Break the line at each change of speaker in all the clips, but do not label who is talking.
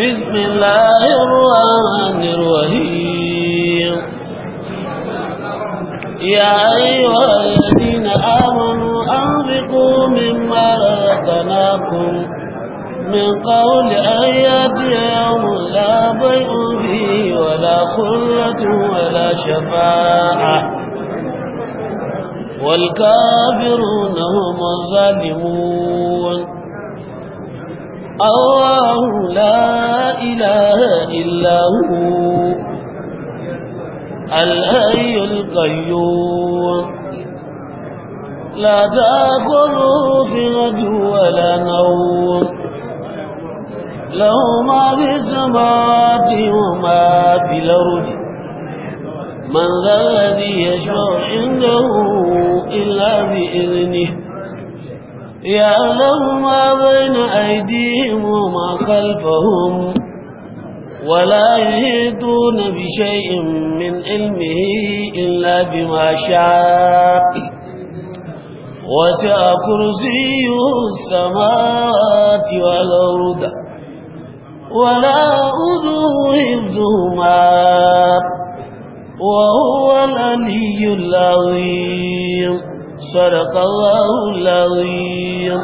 بسم الله الرحمن الرحيم يا أيها الذين آمنوا أنفقوا مما رزقناكم من قول أيات يوم لا بيع فيه ولا خلة ولا شفاعة والكافرون هم الظالمون الله لا إله إلا هو الحي القيوم لا تأكله سنة ولا نوم له ما في السماوات وما في الأرض من ذا الذي يشفع عنده إلا بإذنه يعلم ما بين أيديهم وما خلفهم ولا يهدون بشيء من علمه إلا بما شاء وسع كرسي السماوات والأرض ولا أدوه حفظهما وهو الأني العظيم صدق الله العظيم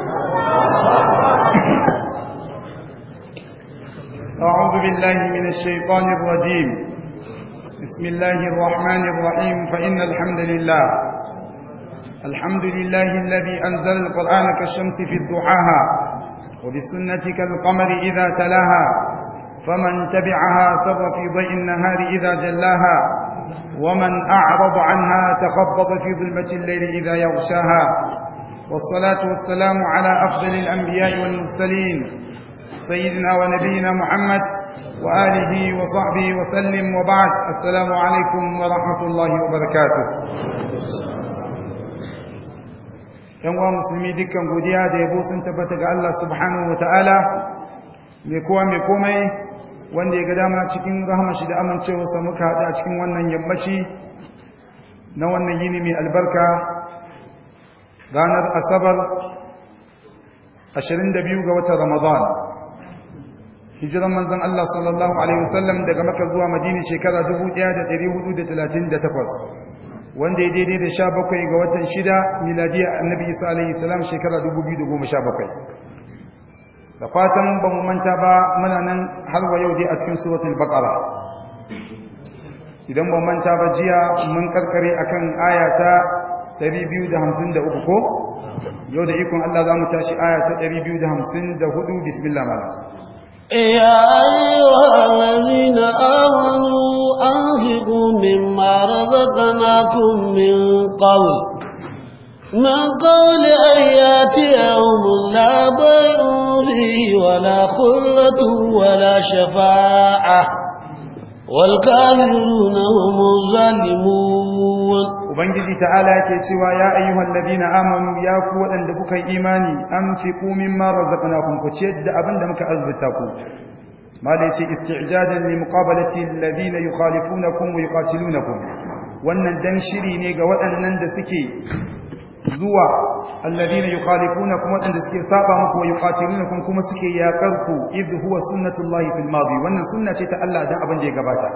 أعوذ بالله من الشيطان الرجيم بسم الله الرحمن الرحيم فإن الحمد لله الحمد لله الذي أنزل القرآن كالشمس في الضحاها وبسنة كالقمر إذا تلاها فمن تبعها سر في ضيء النهار إذا جلاها ومن أعرض عنها تخبط في ظلمة الليل إذا يغشاها والصلاة والسلام على أفضل الأنبياء والمرسلين سيدنا ونبينا محمد وآله وصحبه وسلم وبعد السلام عليكم ورحمة الله وبركاته yanwa musulmi dukkan godiya da yabo sun tabbata ga Allah subhanahu wa ta'ala mai kowa mai komai wanda ya ga dama cikin rahama shi da sa muka haɗu a cikin wannan yammaci na wannan yini mai albarka ranar asabar 22 ga watan ramadan hijiran manzan Allah sallallahu Alaihi wasallam daga Makka zuwa Madina shekara 1438 wanda ya daidai da sha bakwai ga watan shida miladiya annabi sallallahu alaihi wasallam shekara 2017 da fatan ba mu manta ba muna nan har wa yau dai a cikin suratul baqara idan ba mu manta ba jiya mun karkare akan aya ta 253 ko yau da ikon Allah za mu tashi aya ta 254 bismillah ma
يا أيها الذين آمنوا أنفقوا مما رزقناكم من قبل من قول أن ياتي يوم لا بيع فيه ولا خلة ولا شفاعة
والكافرون هم الظالمون Ubangiji ta’ala yake cewa ya ayyuhan labina amon ya ku waɗanda kuka yi imani an fi ƙumin marar zaɓa na kunkuce da abin da muka azurta ku. Mala ce, Isti’ijajen ne muƙabalati labina yi khalifu na Wannan dan shiri ne ga waɗannan da suke zuwa alladhi ne yukarifuna kuma wadanda suke saba muku wa yuqatiluna kuma kuma suke yakar ku idh huwa sunnatullahi fil madi wannan sunna ce ta Allah dan abin da ya gabata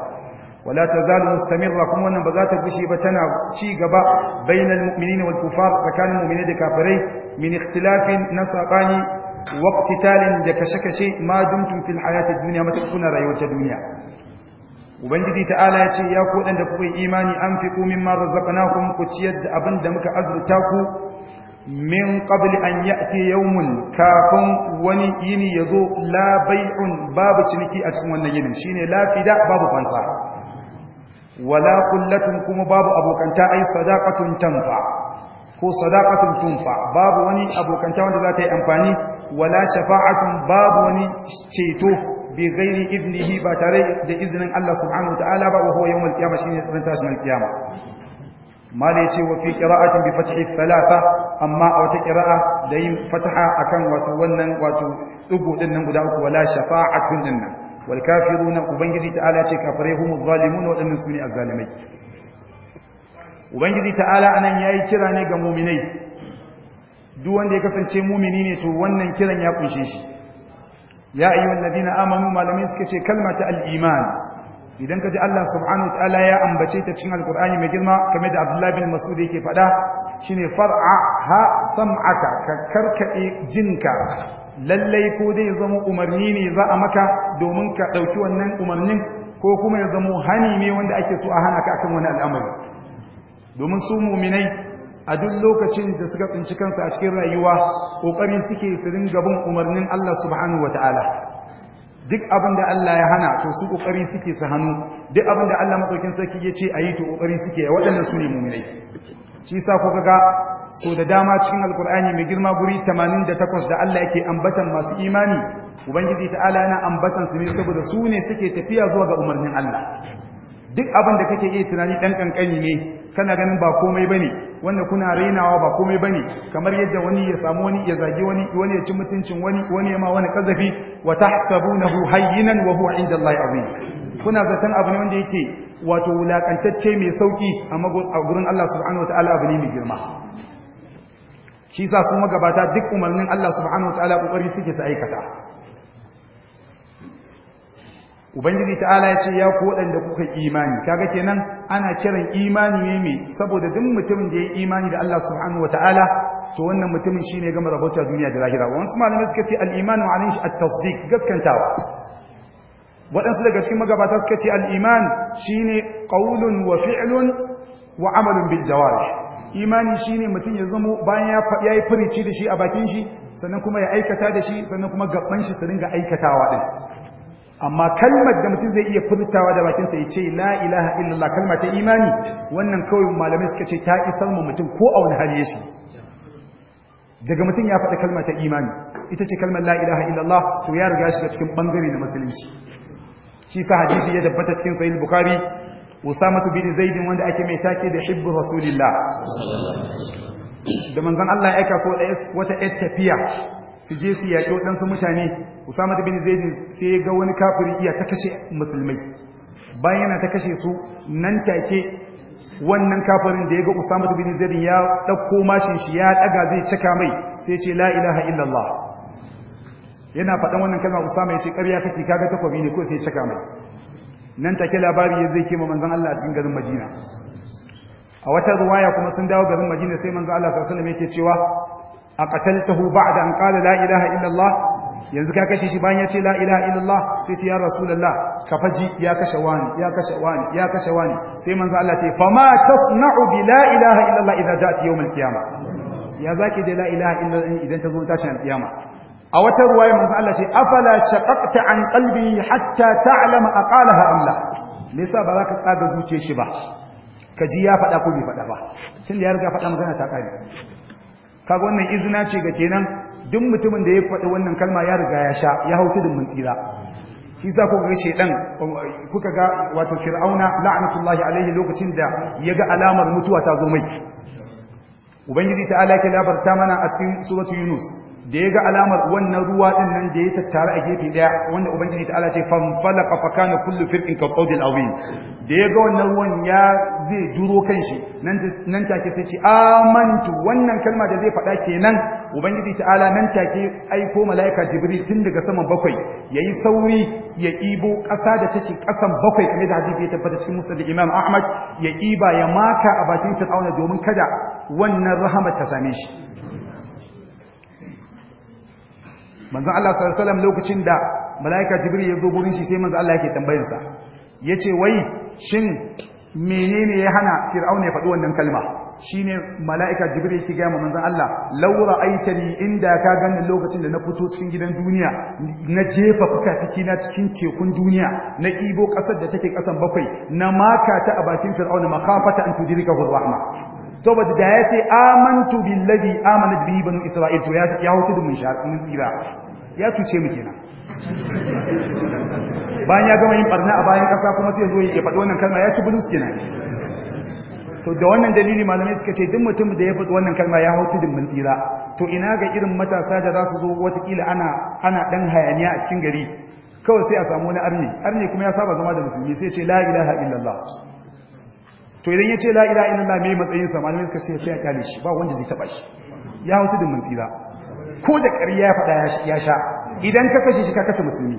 wala tazalu mustamirra kuma wannan ba za ta bushe ba tana ci gaba bainal mu'minin wal kufar tsakanin mu'minin da kafirai min na nasabani wa iqtitalin da kashakashi ma dumtum fil hayati dunya mata kuna rayuwar ta duniya ubangiji ta'ala ya ce ya ku da kuka yi imani an fi kumin ma kuma ku ciyar da abin da muka azurta ku min qabl an ya'ti yawmun kafin wani yini yazo la bai'un babu ciniki a cikin wannan yinin shine lafida babu kwanta. wala kullatun kuma babu abokanta ai sadaqatun tanfa ko sadaqatun tunfa babu wani abokanta wanda za ta yi amfani wala shafa'atun babu wani ceto bi ghairi idnihi ba tare da izinin Allah subhanahu wa ta'ala ba wa huwa yawmul qiyamah shine tsarin tashin alqiyama mala yace wa fi qira'atin bi fathi thalatha amma a wata qira'a da yin fataha akan wato wannan wato dugu din nan guda uku wala shafa'atun din nan wal kafiruna ubangiji ta'ala ce kafare humuz zalimun wa dinnan suni azzalimai ubangiji ta'ala anan yayi kira ne ga mu'minai duk wanda ya kasance mumini ne to wannan kiran ya kunshe shi ya ayyuhal ladina amanu malamai suka ce kalmata al-iman idan ka ji Allah subhanahu ta'ala ya ambace ta cikin alkur'ani mai girma kamar da Abdullah bin Mas'ud yake faɗa shine far'a ha sam'aka ka karkade jinka lallai ko dai zama umarni ne za a maka domin ka ɗauki wannan umarnin ko kuma ya zama hani ne wanda ake so a hana ka akan wani al'amari domin su mu'minai a duk lokacin da suka tsinci kansu a cikin rayuwa ƙoƙarin suke su dinga umarnin Allah subhanahu wa ta'ala duk abin da Allah ya hana to su ƙoƙari suke su hannu duk abin da Allah maɗaukin sarki ya ce a yi to ƙoƙari suke waɗannan su ne mummunai shi sa kuka ga so da dama cikin alkur'ani mai girma guri 88 da Allah yake ambatan masu imani ubangiji ta'ala yana ambatan su ne saboda su ne suke tafiya zuwa ga umarnin Allah duk abin da kake iya tunani dan kankani ne kana ganin ba komai bane wanda kuna rainawa ba komai bane kamar yadda wani ya samu wani ya zagi wani wani ya ci mutuncin wani wani ya ma wani kazafi wa tahsabunahu hayyinan wa huwa indallahi azim kuna zaton abu ne wanda yake wato wulakantacce mai sauki a gurin Allah subhanahu wataala abu ne mai girma shi sa su magabata duk umarnin Allah subhanahu wataala kokari suke su aikata ubangiji ta'ala ya ce ya ku waɗanda kuka imani kaga kenan ana kiran imani ne me saboda duk mutumin da ya imani da Allah subhanahu wa ta'ala, to wannan mutumin shine gama rabota duniya da lahira wasu malamai suka ce al'iman iman wa alayhi a tasdiq gaskantawa waɗansu daga cikin magabata suka ce al'iman shi shine ƙaunin wa fi'ilun wa amalin bil jawar imani shine mutum ya zama bayan ya yi furici da shi a bakin shi sannan kuma ya aikata da shi sannan kuma gaban shi su ringa aikatawa din amma kalmar da mutum zai iya furtawa da bakinsa ya ce la ilaha illallah kalma ta imani wannan kawai malamai suka ce ta isar mu mutum ko a wani hali ya shi daga mutum ya faɗa kalma ta imani ita ce kalmar la ilaha illallah to ya riga shiga cikin bangare na musulunci shi sa hadisi ya tabbata cikin sahih bukhari usama bin zaid wanda ake mai take da hibbu rasulillah da manzon Allah ya aika so wata yar tafiya su je su yaƙi waɗansu mutane usama bin zaidin sai ya ga wani kafiri iya ta kashe musulmai bayan yana ta kashe su nan take wannan kafirin da ya ga usama bin zaidin ya ɗauko mashin shi ya ɗaga zai cika mai sai ce la ilaha illallah yana faɗan wannan kalma usama ya ce ƙarya kake kaga takwabi ne ko sai cika mai nan take labari ya zai kema manzon Allah a cikin garin Madina a wata ruwaya kuma sun dawo garin Madina sai manzon Allah sallallahu alaihi wasallam yake cewa a qataltahu da an qala la ilaha illallah yanzu ka kashe shi bayan ya ce la ilaha illallah sai ce ya rasu rasulullah ka faji ya kashe wani ya kashe wani ya kashe wani sai manzo Allah ce fa fama tasna'u bi la ilaha illallah idza ja'at yawm al-qiyamah ya zaki da la ilaha illallah idan ta zo tashi a qiyamah a wata ruwaya manzo Allah ce afala shaqaqta an kalbi hatta ta alama am la me yasa ba za ka tsaga zuciyar shi ba ka ji ya faɗa ko bai faɗa ba tun da ya riga faɗa magana ta ƙari. kaga wannan izina ce ga kenan duk mutumin da ya faɗi wannan kalma ya riga ya sha ya hau da mun tsira shi sa kuka ga shedan kuka ga wato fir'auna la'natullahi alaihi lokacin da ya ga alamar mutuwa ta zo mai ubangiji ta ala ke labarta mana a cikin suratul yunus da ya ga alamar wannan ruwa din nan da ya tattara a gefe daya wanda ubangiji ta ala ce fanfalaqa fa kana kullu firqin ka qawdil awin da ya ga wannan ruwan ya zai duro kanshi nan nan take sai ce amantu wannan kalma da zai faɗa kenan ubangiji ta'ala nan take aiko malaika jibril tun daga saman bakwai yayi sauri ya ibo ƙasa da take ƙasan bakwai kamar da hadisi ya tabbata cikin musnad imam ahmad ya iba ya maka a bakin fir'auna domin kada wannan rahama ta same shi manzo Allah sallallahu alaihi wasallam lokacin da malaika jibril ya zo gurin shi sai manzo Allah yake tambayar sa yace wai shin menene ya hana fir'auna ya faɗi wannan kalma shine malaika jibril yake ga manzo Allah law ra'aitani inda ka ganni lokacin da na fito cikin gidan duniya na jefa fuka na cikin tekun duniya na ibo kasar da take kasan bakwai na makata a bakin fir'aun makafata an tudrika rahma saboda da ya ce amantu billazi amana bihi banu isra'il to ya ya hutu mun sha mun tsira ya cuce mu kenan
bayan ya gama yin barna a
bayan kasa kuma sai zo ya faɗi wannan kalma ya ci bulus kenan to da wannan dalili malamai suka ce duk mutum da ya faɗi wannan kalma ya hau tudun mun tsira to ina ga irin matasa da za su zo watakila ana ana dan hayaniya a cikin gari kawai sai a samu wani arni arni kuma ya saba zama da musulmi sai ce la ilaha illallah to idan ya ce la'ira ina na me matsayin samanin malamai suka ce sai ya kyale shi ba wanda zai taba shi ya hutu da tsira ko da ƙarya ya faɗa ya sha idan ka kashe shi ka kashe musulmi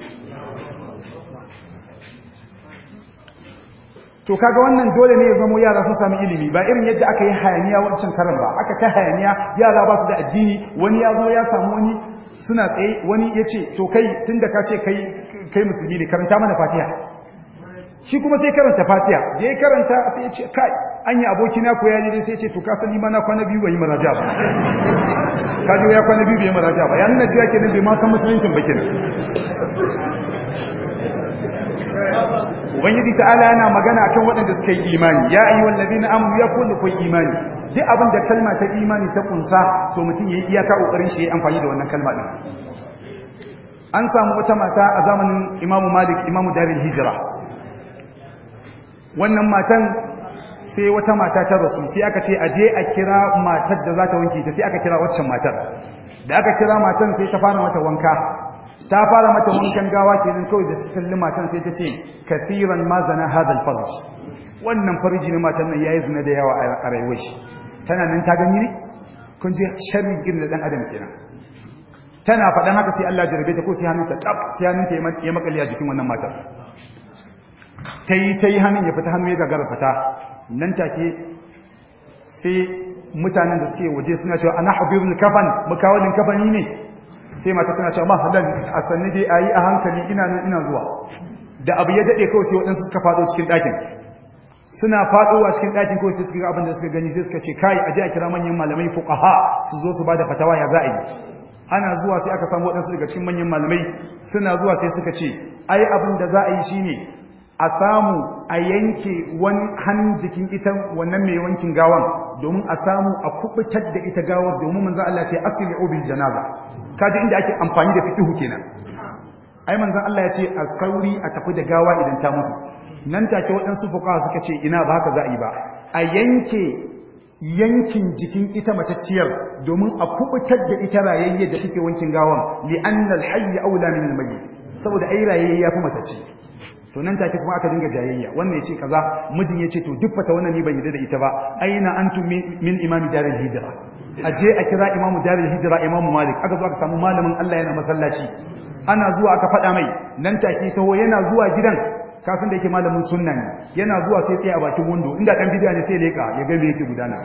to kaga wannan dole ne ya zamo yara sun sami ilimi ba irin yadda aka yi hayaniya wancan karan ba aka ta hayaniya yara ba su da addini wani ya zo ya samu wani suna tsaye wani ya ce to kai tun da ka ce kai musulmi ne karanta mana fatiha shi kuma sai karanta fatiha da ya karanta sai ya ce kai an yi abokina ko ya ne sai ya ce to ka ni ma kwana biyu bai yi maraja ba kaji ya kwana biyu bai maraja ba ya nuna cewa kenan bai ma kan musuluncin ba kenan ubangiji ta'ala yana magana akan waɗanda suka yi imani ya ayi wallabi na amuru ya kullu kun imani duk abin da kalma ta imani ta kunsa to mutum ya yi iyaka kokarin shi ya amfani da wannan kalma din an samu wata mata a zamanin imamu malik imamu darin hijira wannan matan sai wata mata ta rasu sai aka ce aje a kira matar da za ta wanke ta sai aka kira waccan matar da aka kira matan sai ta fara mata wanka ta fara mata wankan gawa ke nan kawai da ta kalli matan sai ta ce kathiran ma zana hadal farj wannan farji ne matan nan yayi zina da yawa a rayuwar shi tana nan ta gani ne kun ji sharri da dan adam kenan tana haka sai Allah ya ta ko sai hannunta kaf sai hannunta ya makale a jikin wannan matar ta yi ta yi hannun ya fita hannun ya gagara fita nan take sai mutanen da suke waje suna cewa ana habibul kafan mukawalin yi ne sai mata tana cewa ma hadan a sanni dai a yi a hankali ina nan ina zuwa da abu ya daɗe kawai sai waɗansu suka faɗo cikin ɗakin suna faɗowa cikin ɗakin kawai sai suka ga abin da suka gani sai suka ce kai je a kira manyan malamai fuqaha su zo su bada fatawa ya za a yi ana zuwa sai aka samu waɗansu daga cikin manyan malamai suna zuwa sai suka ce ai abin da za a yi shine a samu a yanke wani hannun jikin ita wannan mai wankin gawan domin a samu a kubutar da ita gawar domin manzan Allah ce asili obin janaza kaji inda ake amfani da fiqhu kenan ai manzan Allah ya ce a sauri a tafi da gawa idan ta mutu nan take waɗansu fuka suka ce ina ba haka za a yi ba a yanke yankin jikin ita matacciyar domin a kubutar da ita rayayyar da take wankin gawan li'annal hayy aula min al mayyit saboda ai ya fi matacce to nan take kuma aka dinga jayayya wannan yace kaza mijin yace to duk fata wannan ni ban yarda da ita ba aina antum min imami daril hijra aje a kira imamu daril hijra imamu malik aka zo aka samu malamin Allah yana masallaci ana zuwa aka fada mai nan take to yana zuwa gidan kafin da yake malamin sunna ne yana zuwa sai tsaya a bakin wando, inda dan bidiya ne sai leka ya ga me yake gudana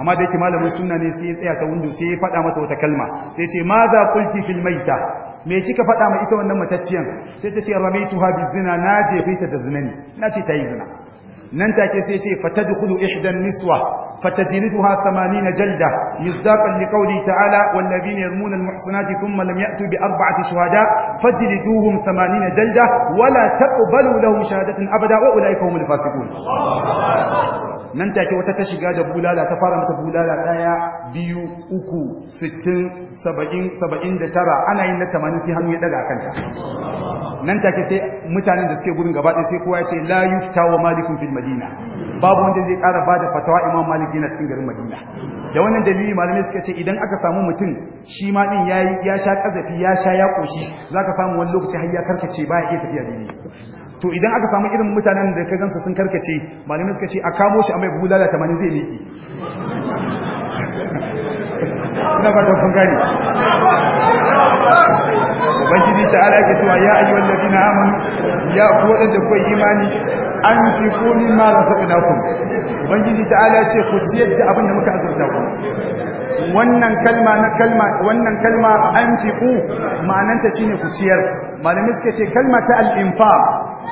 amma da yake malamin sunna ne sai ya tsaya ta window sai ya fada mata wata kalma sai ce ma za fil maita me kika faɗa mai ita wannan matacciyan sai ta ce rame tuha bi zina na jefe ta da zina ne na ce ta yi zina nan take sai ce fata da kudu ihdan niswa fata jini samani na jalda yuzdaƙan ni kauli ta'ala wallafi ne yarmuna al-muhsanati tun malam ya tubi arba'ati shuhada fajili duhun samani na jalda wala taɓa balu lahun shahadatin abada wa ulai kawo
fasiku.
nan take wata ta shiga da bulala ta fara mata bulala daya biyu uku sittin saba'in saba'in da tara ana yin na tamanin sai hannu ya daga kanta nan take sai mutanen da suke gurin gaba sai kowa ya ce la yufta wa malikun fil madina babu wanda zai kara da fatawa imam malik yana cikin garin madina da wannan dalili malamai suka ce idan aka samu mutum shi ma din ya sha kazafi ya sha ya koshi zaka samu wani lokaci har ya karkace baya iya tafiya daidai to idan aka samu irin mutanen da ka gansa sun karkace malamai suka ce a kamo shi a mai buhu lalata mani zai miƙe ina ba sun kun gani ubangiji ta ala ke cewa ya ayyuwan ladina amanu ya ku waɗanda kuwa imani an fi komi ma razaqnakum ubangiji ta ala ce ku ciyar da abin da muka azurta ku wannan kalma na kalma wannan kalma an fi ku ma'ananta shine ku ciyar malamai suka ce kalma ta al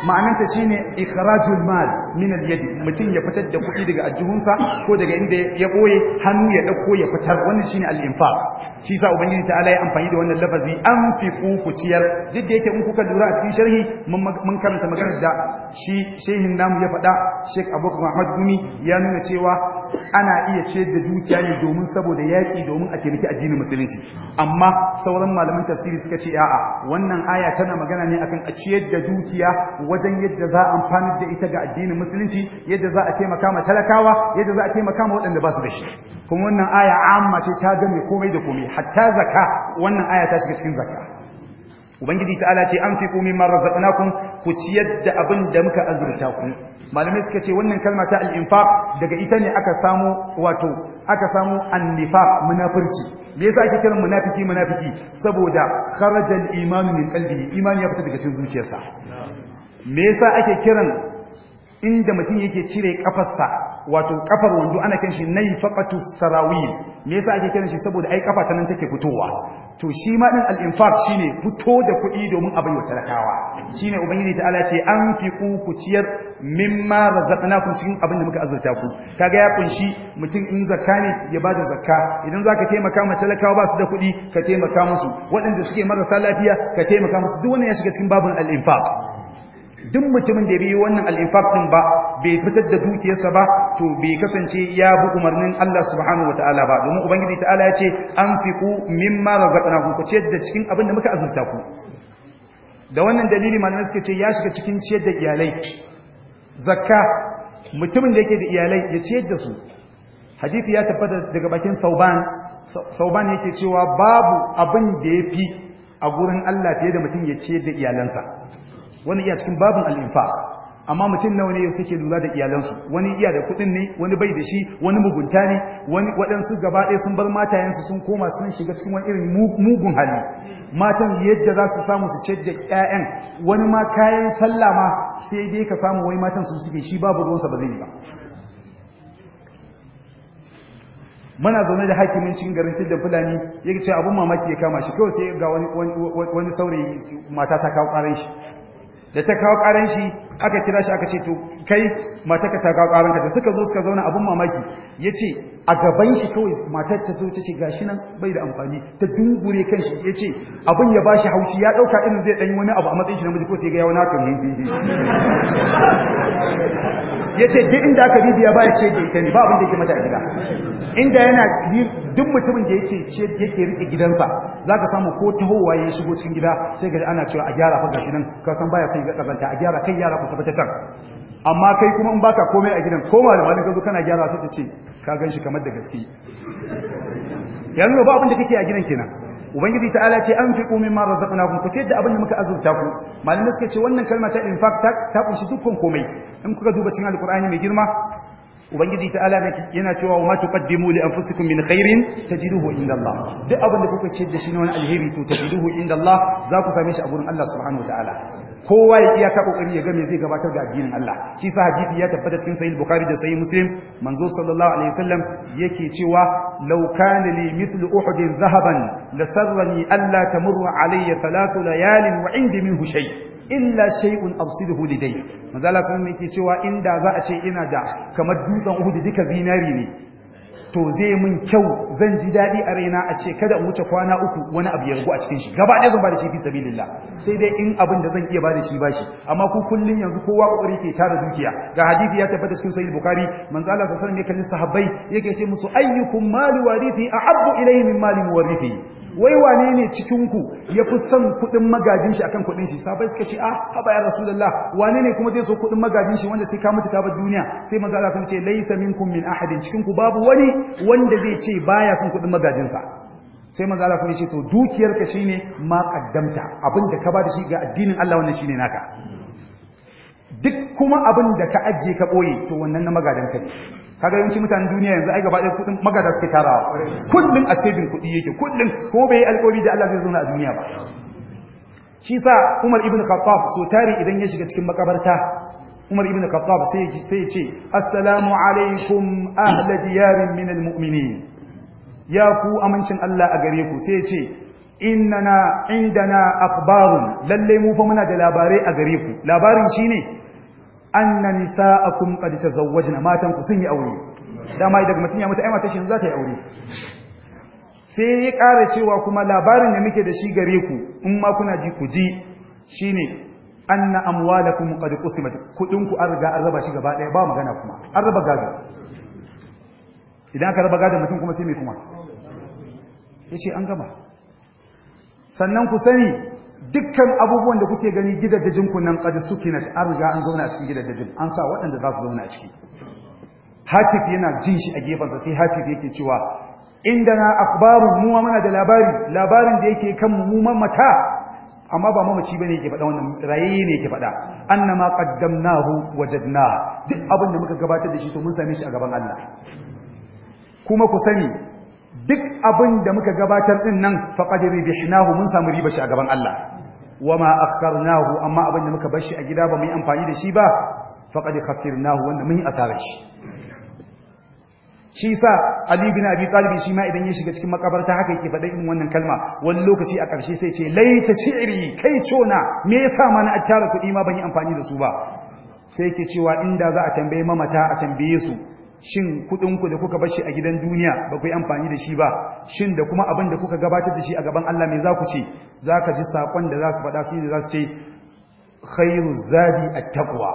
ma'ananta shine ikhrajul mal min al-yad mutum ya fitar da kuɗi daga ajihunsa ko daga inda ya boye hannu ya ɗauko ya fitar wannan shi al-infaq shi sa ubangiji ta'ala ya amfani da wannan lafazi fi ku ciyar duk da yake in kuka lura a cikin sharhi mun karanta maganar da shi shehin namu ya faɗa Sheikh Abubakar Muhammad Gumi ya nuna cewa ana iya ciyar da dukiya ne domin saboda yaƙi domin a taimaki addinin musulunci amma sauran malaman tafsiri suka ce a'a wannan aya tana magana ne akan a ciyar da dukiya wajen yadda za a amfani da ita ga addinin musulunci yadda za a taimaka ma talakawa yadda za a taimaka ma waɗanda ba su da shi kuma wannan aya amma ce ta game komai da komai hatta zaka wannan aya ta shiga cikin zaka ubangiji ta'ala ce an fi komi marar zaɓanakun ku ciyar da abin da muka azurta ku malamai suka ce wannan kalma ta al'infaq daga ita ne aka samu wato aka samu annifa munafurci me yasa ake kiran munafiki munafiki saboda kharajal imanu min qalbihi imani ya fita daga cikin zuciyarsa me yasa ake kiran inda mutum yake cire kafarsa wato kafar wando ana kan shi nai faqatu sarawil me yasa ake kiran shi saboda ai kafa ta nan take fitowa to shi ma din al-infaq shine fito da kuɗi domin a baiwa talakawa shine ubangiji Ala ce an fi ku ciyar mimma razaqnakum cikin abin da muka azurta ku kaga ya kunshi mutum in zakka ne ya bada zakka idan zaka taimaka ma talakawa ba su da kuɗi ka taimaka musu waɗanda suke marasa lafiya ka taimaka musu duk wannan ya shiga cikin babun al-infaq duk mutumin da bai wannan al-infaq din ba bai fitar da dukiyarsa ba to bai kasance ya bi umarnin Allah subhanahu wataala ba domin ubangiji ta'ala ya ce anfiqu mimma razaqnakum ku ciyar da cikin abin da muka azurta ku da wannan dalili malamai suka ce ya shiga cikin ciyar da iyalai zakka mutumin da yake da iyalai ya ciyar da su hadisi ya tabbata daga bakin sauban sauban yake cewa babu abin da yafi a gurin Allah fiye da mutum ya ciyar da iyalansa wani iya cikin babin al’infa amma mutum nawa ne suke lura da iyalansu wani iya da kuɗin ne wani bai da shi wani mugunta ne wani waɗansu gaba ɗaya sun bar matayensu sun koma sun shiga cikin wani irin mugun hali matan yadda za su samu su cedda da ƴaƴan wani ma kayan sallah ma sai dai ka samu wai matan su suke shi babu ruwansa ba zai yi ba muna zaune da hakimin cikin garin tilda fulani ya ce abin mamaki ya kama shi kawai sai ga wani saurayi mata ta kawo ƙarar shi da ta kawo ƙaran shi aka kira shi aka ce to kai ka ta kawo ka da suka zo suka zauna abin mamaki ya ce a gaban shi kawai matar ta zo ta ce gashi nan bai da amfani ta dungure kan shi ya ce abin ya bashi haushi ya ɗauka irin zai ɗanyi wani abu a matsayin shi na miji ko sai ga yawon haka ne
ya ce duk inda aka bibiya ba ya ce da ita ne ba abin
da yake mata gida inda yana duk mutumin da yake ce yake rike gidansa za ka samu ko tahowa ya shigo cikin gida sai ga ana cewa a gyara fa gashi nan ka san baya son ya kazanta a gyara kai yara ka tafi ta can amma kai kuma in baka komai a gidan ko malamin ka zo kana gyara sai ta ce ka ganshi kamar da gaske yanzu ba abin da kake a gidan kenan ubangiji ta'ala ce an fiqu mimma razaqnakum ku ce da abin da muka azurta ku malamai suka ce wannan kalma ta in fact ta kunshi dukkan komai in kuka duba cikin alqur'ani mai girma ubangiji ta'ala yana cewa wa ma tuqaddimu li anfusikum min khairin tajiduhu inda Allah duk abin da kuka ce da shi ne wani alheri to tajiduhu inda Allah za ku same shi a gurin Allah subhanahu wa ta'ala kowa ya iya ka kokari ya ga me zai gabatar da addinin Allah shi sa hadisi ya tabbata cikin sahih bukhari da sahih muslim manzo sallallahu alaihi wasallam yake cewa law kana li mithl uhud dhahaban lasarrani alla tamurra alayya thalath layalin wa indi minhu shay illa shay'un absiduhu lidayya manzo Allah sallallahu yake cewa inda za a ce ina da kamar dutsen uhud duka zinari ne to zai mun kyau zan ji daɗi a raina a ce kada in wuce kwana uku wani abu ya rugu a cikin shi gaba ɗaya zan ba da shi fi sabilillah sai dai in abin da zan iya ba da shi ba shi amma ku kullum yanzu kowa kokari ke tara dukiya ga hadisi ya tabbata cikin sahih bukhari manzo Allah sallallahu alaihi wasallam ya kalli sahabbai yake ce musu ayyukum mali warithi abu ilayhi min mali muwarrithi wai wane ne cikinku ya fi son kuɗin magajin shi akan kuɗin shi sabai suka ce a ah, haɓa ya lallah wane ne kuma zai so kuɗin magajin shi wanda sai ka mutu ka bar duniya sai maza Allah sun ce laysa minkum min ahadin cikinku babu wani wanda zai ce baya son kuɗin magajin sa sai maza Allah sun ce to dukiyarka shine ma kaddamta abinda ka ba da shi ga addinin Allah wannan shine naka duk kuma abin da ka ajiye ka ɓoye to wannan na magadanta ne kaga yanci mutanen duniya yanzu ai gaba ɗaya kuɗin magada suke tarawa kullum a saving kuɗi yake kullum ko bai yi alƙawari da Allah zai zauna a duniya ba shi sa Umar ibn Khattab so tare idan ya shiga cikin makabarta Umar ibn Khattab sai sai ce assalamu alaikum ahla diyarin min almu'minin ya ku amincin Allah a gare ku sai ya ce innana indana akhbarun lalle mu fa muna da labarai a gare ku labarin shine anna nisaakum qad tazawwajna matan ku sun yi aure dama idan mutun ya mutu ai mata shi za ta yi aure sai ya kare cewa kuma labarin da muke da shi gare ku in ma kuna ji ku ji shine anna amwalakum qad qusimat kudin ku an riga an raba shi gaba daya ba magana kuma an raba gado idan aka raba gado mutum kuma sai mai kuma yace an gama sannan ku sani dukkan abubuwan da kuke gani gidajen ku nan suke na an riga an zauna a cikin gidajen an sa waɗanda za su zauna a ciki hatif yana jin shi a gefensa sai hatif yake cewa inda na akbaru mu ma muna da labari labarin da yake kan mu mata amma ba mamaci bane yake faɗa wannan rayayye ne yake faɗa annama qaddamnahu wajadna duk abin da muka gabatar da shi to mun same shi a gaban Allah kuma ku sani duk abin da muka gabatar din nan faqad ribihnahu mun samu riba shi a gaban Allah wama akharnahu amma abin da muka bar shi a gida ba mu yi amfani da shi ba faqad khasirnahu wanda mun yi asarar shi shi sa Ali bin Abi Talib shi ma idan ya shiga cikin makabarta haka yake faɗa irin wannan kalma wani lokaci a ƙarshe sai ce laita shi'ri kai cona me yasa ma na tara kuɗi ma ban yi amfani da su ba sai yake cewa inda za a tambaye mamata a tambaye su shin kuɗinku da kuka bashi a gidan duniya ba ku yi amfani da shi ba shin da kuma abin da kuka gabatar da shi a gaban Allah mai za ku ce za ka ji sakon da za su faɗa su za su ce khairu zadi a taqwa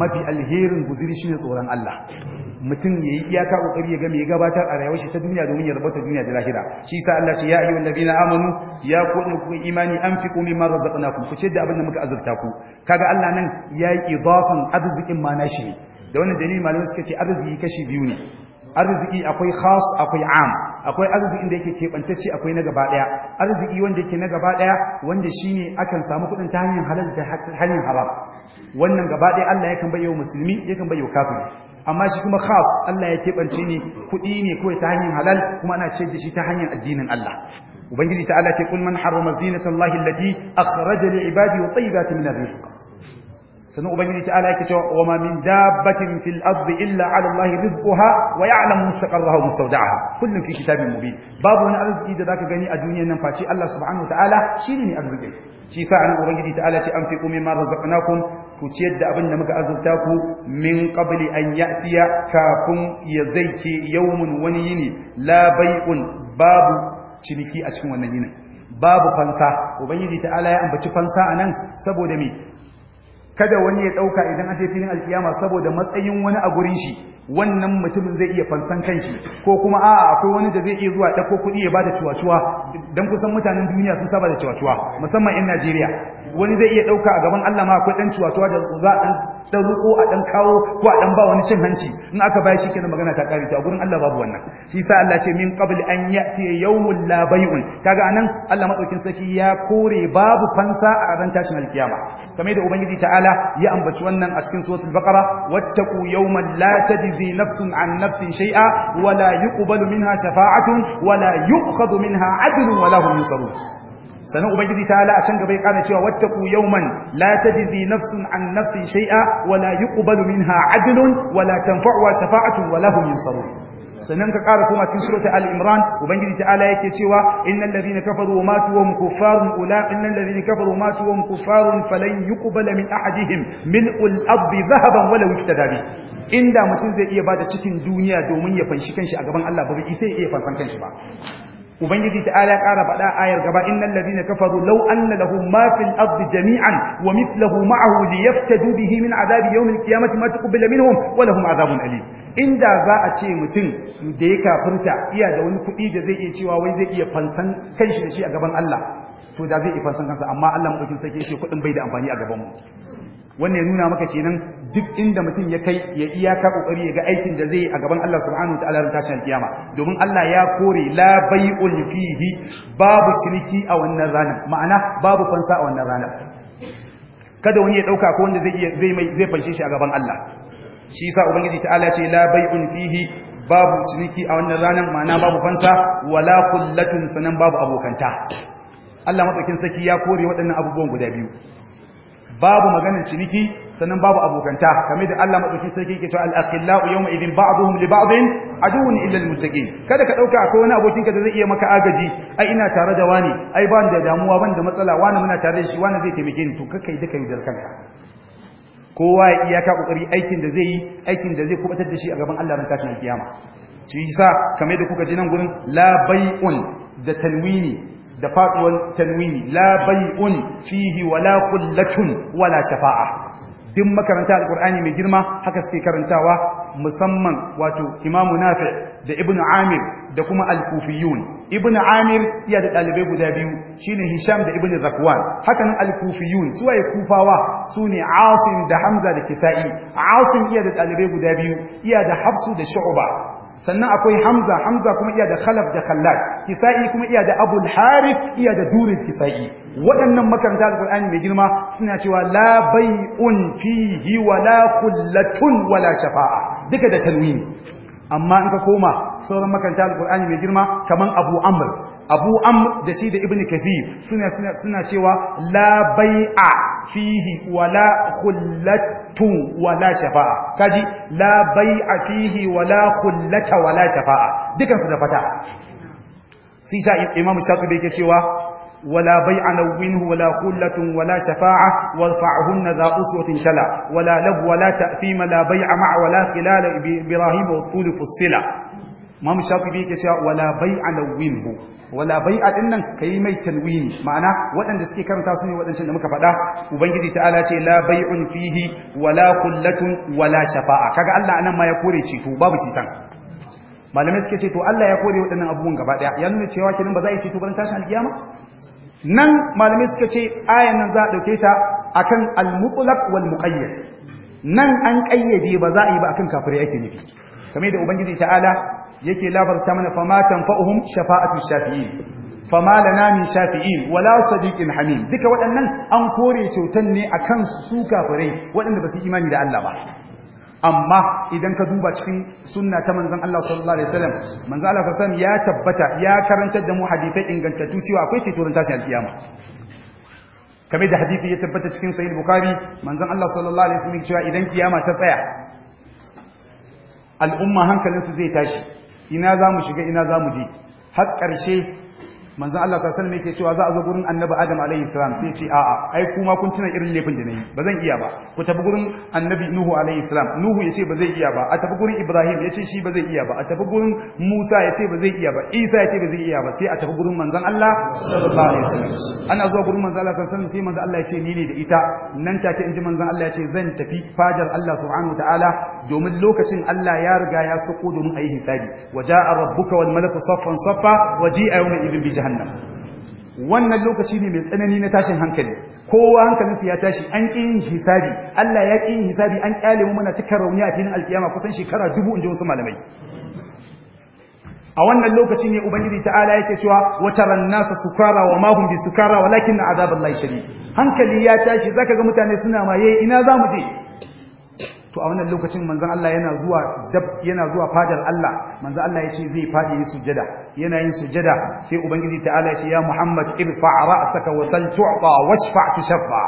mafi alherin guziri ne tsoron Allah mutum yayi iyaka kokari ya ga me gabatar a rayuwar shi ta duniya domin ya rabata duniya da lahira shi sa Allah ce ya ayyuhan na amanu ya kuɗin ku imani anfiqu mimma razaqnakum ku ce da abin da muka azurta ku kaga Allah nan yayi idafan arzikin ma shi ne da wannan dalili malamai suka ce arziki kashi biyu ne arziki akwai khas akwai am akwai arziki da yake kebantacce akwai na gaba arziki wanda yake na gaba daya wanda shine akan samu kuɗin ta hanyar halal da hanyar haram wannan gaba ɗaya Allah yakan bayyana musulmi yakan bayyana kafiri amma shi kuma khas Allah ya kebance ne kuɗi ne kawai ta hanyar halal kuma ana ce da shi ta hanyar addinin Allah ubangiji ta'ala ce kul man harrama zinatallahi allati akhraja li ibadi wa tayyibati min rizq sannan ubangiji ta ala yake cewa wa ma min dabbatin fil ardi illa ala allahi rizquha wa ya'lamu mustaqarraha wa mustawda'aha kullun fi kitabin mubin babu wani arziki da zaka gani a duniyar nan face Allah subhanahu wa ta'ala shine ne arziki shi sa anan ubangiji ta ala ce an fi umi ma razaqnakum ku ciyar da abin da muka azurta ku min qabli an ya'tiya kafin ya zaike yawmun wani yini la bai'un babu ciniki a cikin wannan yinin babu fansa ubangiji ta'ala ya ambaci fansa anan saboda me kada wani ya ɗauka idan ashe filin alkiyama saboda matsayin wani a gurin shi wannan mutumin zai iya fansan kanshi ko kuma akwai wani da zai iya zuwa ɗauko kuɗi ya bada ciwaciwa don kusan mutanen duniya sun saba da ciwaciwa musamman in Najeriya wani zai iya ɗauka a gaban Allah ma akwai ɗan ciwaciwa da za a ɗan ruko a ɗan kawo ko a ɗan ba wani cin hanci in aka bayar shi kenan magana ta ƙare ta gurin Allah babu wannan shi sa Allah ce min qabl an ya'ti yawmul la bay'un kaga anan Allah madaukin saki ya kore babu fansa a ran tashin alkiyama kamar da ubangiji ta'ala ya ambaci wannan a cikin suratul baqara wattaqu yawman la tajzi تجزي نفس عن نفس شيئا ولا يقبل منها شفاعة ولا يؤخذ منها عدل ولا هم ينصرون sannan ubangiji ta ala a can gaba ya kana cewa wattaku yawman la tajzi nafsun an nafsin shay'a wala yuqbalu minha adlun wala tanfa'u shafa'atun wala hum yunsarun sannan ka ƙara kuma cikin suratul al-imran ubangiji ta'ala yake cewa innal ladhina kafaru wa matu wa hum kuffarun ula innal ladhina kafaru wa matu wa hum kuffarun falan yuqbala min ahadihim mil'ul ardi dhahaban walau iftada bi inda mutum zai iya ba da cikin duniya domin ya fanshi kanshi a gaban Allah ba bai ya iya fansan kanshi ba ubangiji ala ya kara faɗa ayar gaba innal ladina kafaru law anna lahum ma fil ardi jami'an wa mithluhu ma'ahu liyaftadu bihi min adabi yawm al-qiyamati ma tuqbala minhum wa lahum adabun alim inda za a ce mutum da ya kafirta iya da wani kuɗi da zai iya cewa wai zai iya fansan kanshi da shi a gaban Allah to da zai iya fansan kansa amma Allah mu sarki yace kuɗin bai da amfani a gaban mu wannan ya nuna maka kenan duk inda mutum ya kai ya iyaka kokari ya ga aikin da zai a gaban Allah subhanahu wa ta'ala tashin kiyama domin Allah ya kore la bai'un fihi babu ciniki a wannan ranar ma'ana babu fansa a wannan ranar kada wani ya dauka ko wanda zai zai mai zai fanshe shi a gaban Allah shi yasa ubangiji ta'ala ce la bai'un fihi babu ciniki a wannan ranar ma'ana babu fansa wala kullatun sanan babu abokanta Allah matsakin saki ya kore waɗannan abubuwan guda biyu babu maganar ciniki sannan babu abokanta kamar da Allah madaukakin sarki yake cewa al-akhillau yawma idin ba'dhum li ba'din aduwwun illa al-muttaqin kada ka dauka akwai wani abokin ka da zai iya maka agaji ai ina tare da wani ai ban da damuwa ban da matsala wani muna tare da shi wani zai taimake ni to da duka yi kanka kowa ya iyaka kokari aikin da zai yi aikin da zai kubatar da shi a gaban Allah ran tashin kiyama shi yasa kamar da kuka ji nan gurin la bai'un da tanwini da faduwar tanwini la bai'un fihi wala kullatun wala shafa'a duk makaranta alkur'ani mai girma haka suke karantawa musamman wato imamu nafi da ibnu amir da kuma al-kufiyun ibnu amir ya da dalibai guda biyu shine hisham da ibnu zakwan haka nan al-kufiyun su waye kufawa sune asim da hamza da kisa'i asim iya da dalibai guda biyu iya da hafsu da shu'ba sannan akwai hamza hamza kuma iya da khalaf da khallaj kisa'i kuma iya da abul harith iya da durin kisa'i waɗannan makaranta alqur'ani mai girma suna cewa la bai'un fihi wala kullatun wala shafa'a duka da tanwini amma in ka koma sauran makaranta alqur'ani mai girma kaman abu amr abu am da shi da ibn kathir suna cewa la bai'a fihi wala khullatu wala shafa'a kaji la bai'a fihi wala khullata wala shafa'a dukan da fata Si sha imam shafi'i yake cewa ولا بيع نوينه ولا خلة ولا شفاعة وارفعهن ذا أسوة تلا ولا لب ولا تأثيم لا بيع مع ولا خلال إبراهيم والطول في الصلة Mamu Imam biyu yake cewa wala bai a lauwin lawinhu wala bai a din ka yi mai tanwini ma'ana waɗanda suke karanta su ne waɗancan da muka faɗa ubangiji ta'ala ce la bai'un fihi wala kullatun wala shafa'a kaga Allah anan ma ya kore cito babu citan malamai suke ce to Allah ya kore waɗannan abubuwan gaba ɗaya ya nuna cewa kenan ba za a yi cito ba tashi alkiyama nan malamai suka ce ayan nan za a ɗauke ta akan al-mutlaq wal muqayyad nan an kayyade ba za a yi ba akan kafirai ake nufi kamar da ubangiji ta'ala yake labarta mana fama tanfa'uhum shafa'atu shafi'in fama lana min shafi'in wala sadiqin hamim duka waɗannan an kore cutan ne akan su kafirai waɗanda ba su imani da Allah ba amma idan ka duba cikin sunna ta manzon Allah sallallahu alaihi wasallam manzon Allah sallallahu alaihi wasallam ya tabbata ya karantar da mu hadisai ingantattu cewa akwai ceton tashin alkiyama kamar da hadisi ya tabbata cikin sahih bukhari manzon Allah sallallahu alaihi wasallam cewa idan kiyama ta tsaya al'umma hankalinsu zai tashi ina za mu shiga ina za mu je har ƙarshe manzon Allah sallallahu alaihi wasallam yake cewa za a zo gurin annabi Adam alaihi salam sai ce a'a ai kuma kun tuna irin laifin da nayi ba zan iya ba ku tafi gurin annabi Nuhu alaihi salam Nuhu yace ba zai iya ba a tafi gurin Ibrahim yace shi ba zai iya ba a tafi gurin Musa yace ba zai iya ba Isa yace ba zai iya ba sai a tafi gurin manzon Allah sallallahu alaihi wasallam ana zuwa gurin manzon Allah sallallahu alaihi wasallam sai manzon Allah yace ni ne da ita nan take ji manzon Allah yace zan tafi fadar Allah subhanahu wataala domin lokacin Allah ya riga ya sako domin a ayi hisabi waja'a rabbuka wal malaku saffan saffa waji'a yawma idhin bi jahannam wannan lokaci ne mai tsanani na tashin hankali kowa hankalinsa ya tashi an ƙi yin hisabi Allah ya ƙi yin hisabi an ƙyale mu muna tukar rauni a filin alkiyama kusan shekara dubu in ji wasu malamai a wannan lokaci ne ubangiji ta'ala yake cewa wataran nasa sukara wa mahum bi sukara walakin azaballahi shadid hankali ya tashi zaka ga mutane suna maye ina zamu je to a wannan lokacin manzon Allah yana zuwa yana zuwa fadar Allah manzon Allah ya ce zai fadi yin sujada yana yin sujada sai ubangiji ta'ala ya ce ya Muhammad irfa ra'saka wa sal tu'ta washfa shafa.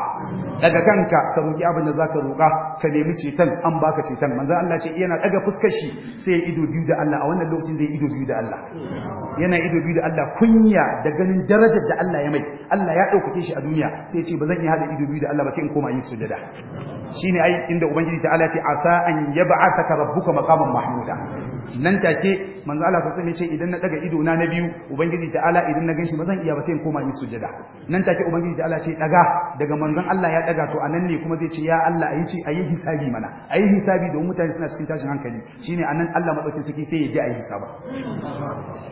daga kanka ka roki abin da zaka roka ka nemi ceton an baka ceton manzon Allah ya ce yana daga fuskar shi sai ya ido biyu da Allah a wannan lokacin zai ido biyu da Allah yana ido biyu da Allah kunya da ganin darajar da Allah ya mai Allah ya dauke shi a duniya sai ya ce ba zan iya hada ido biyu da Allah ba sai in koma yin sujada shine ai inda ubangiji ta sa'an ce asa an yab'athaka rabbuka maqaman mahmuda nan take manzo Allah ta ce idan na daga ido na na biyu ubangiji ta ala idan na ganshi ba zan iya ba sai in koma in sujada nan take ubangiji ta Allah ce daga daga manzon Allah ya daga to anan ne kuma zai ce ya Allah ayi ce ayi hisabi mana ayi hisabi don mutane suna cikin tashin hankali shine anan Allah madaukakin saki sai ya ji ayi hisaba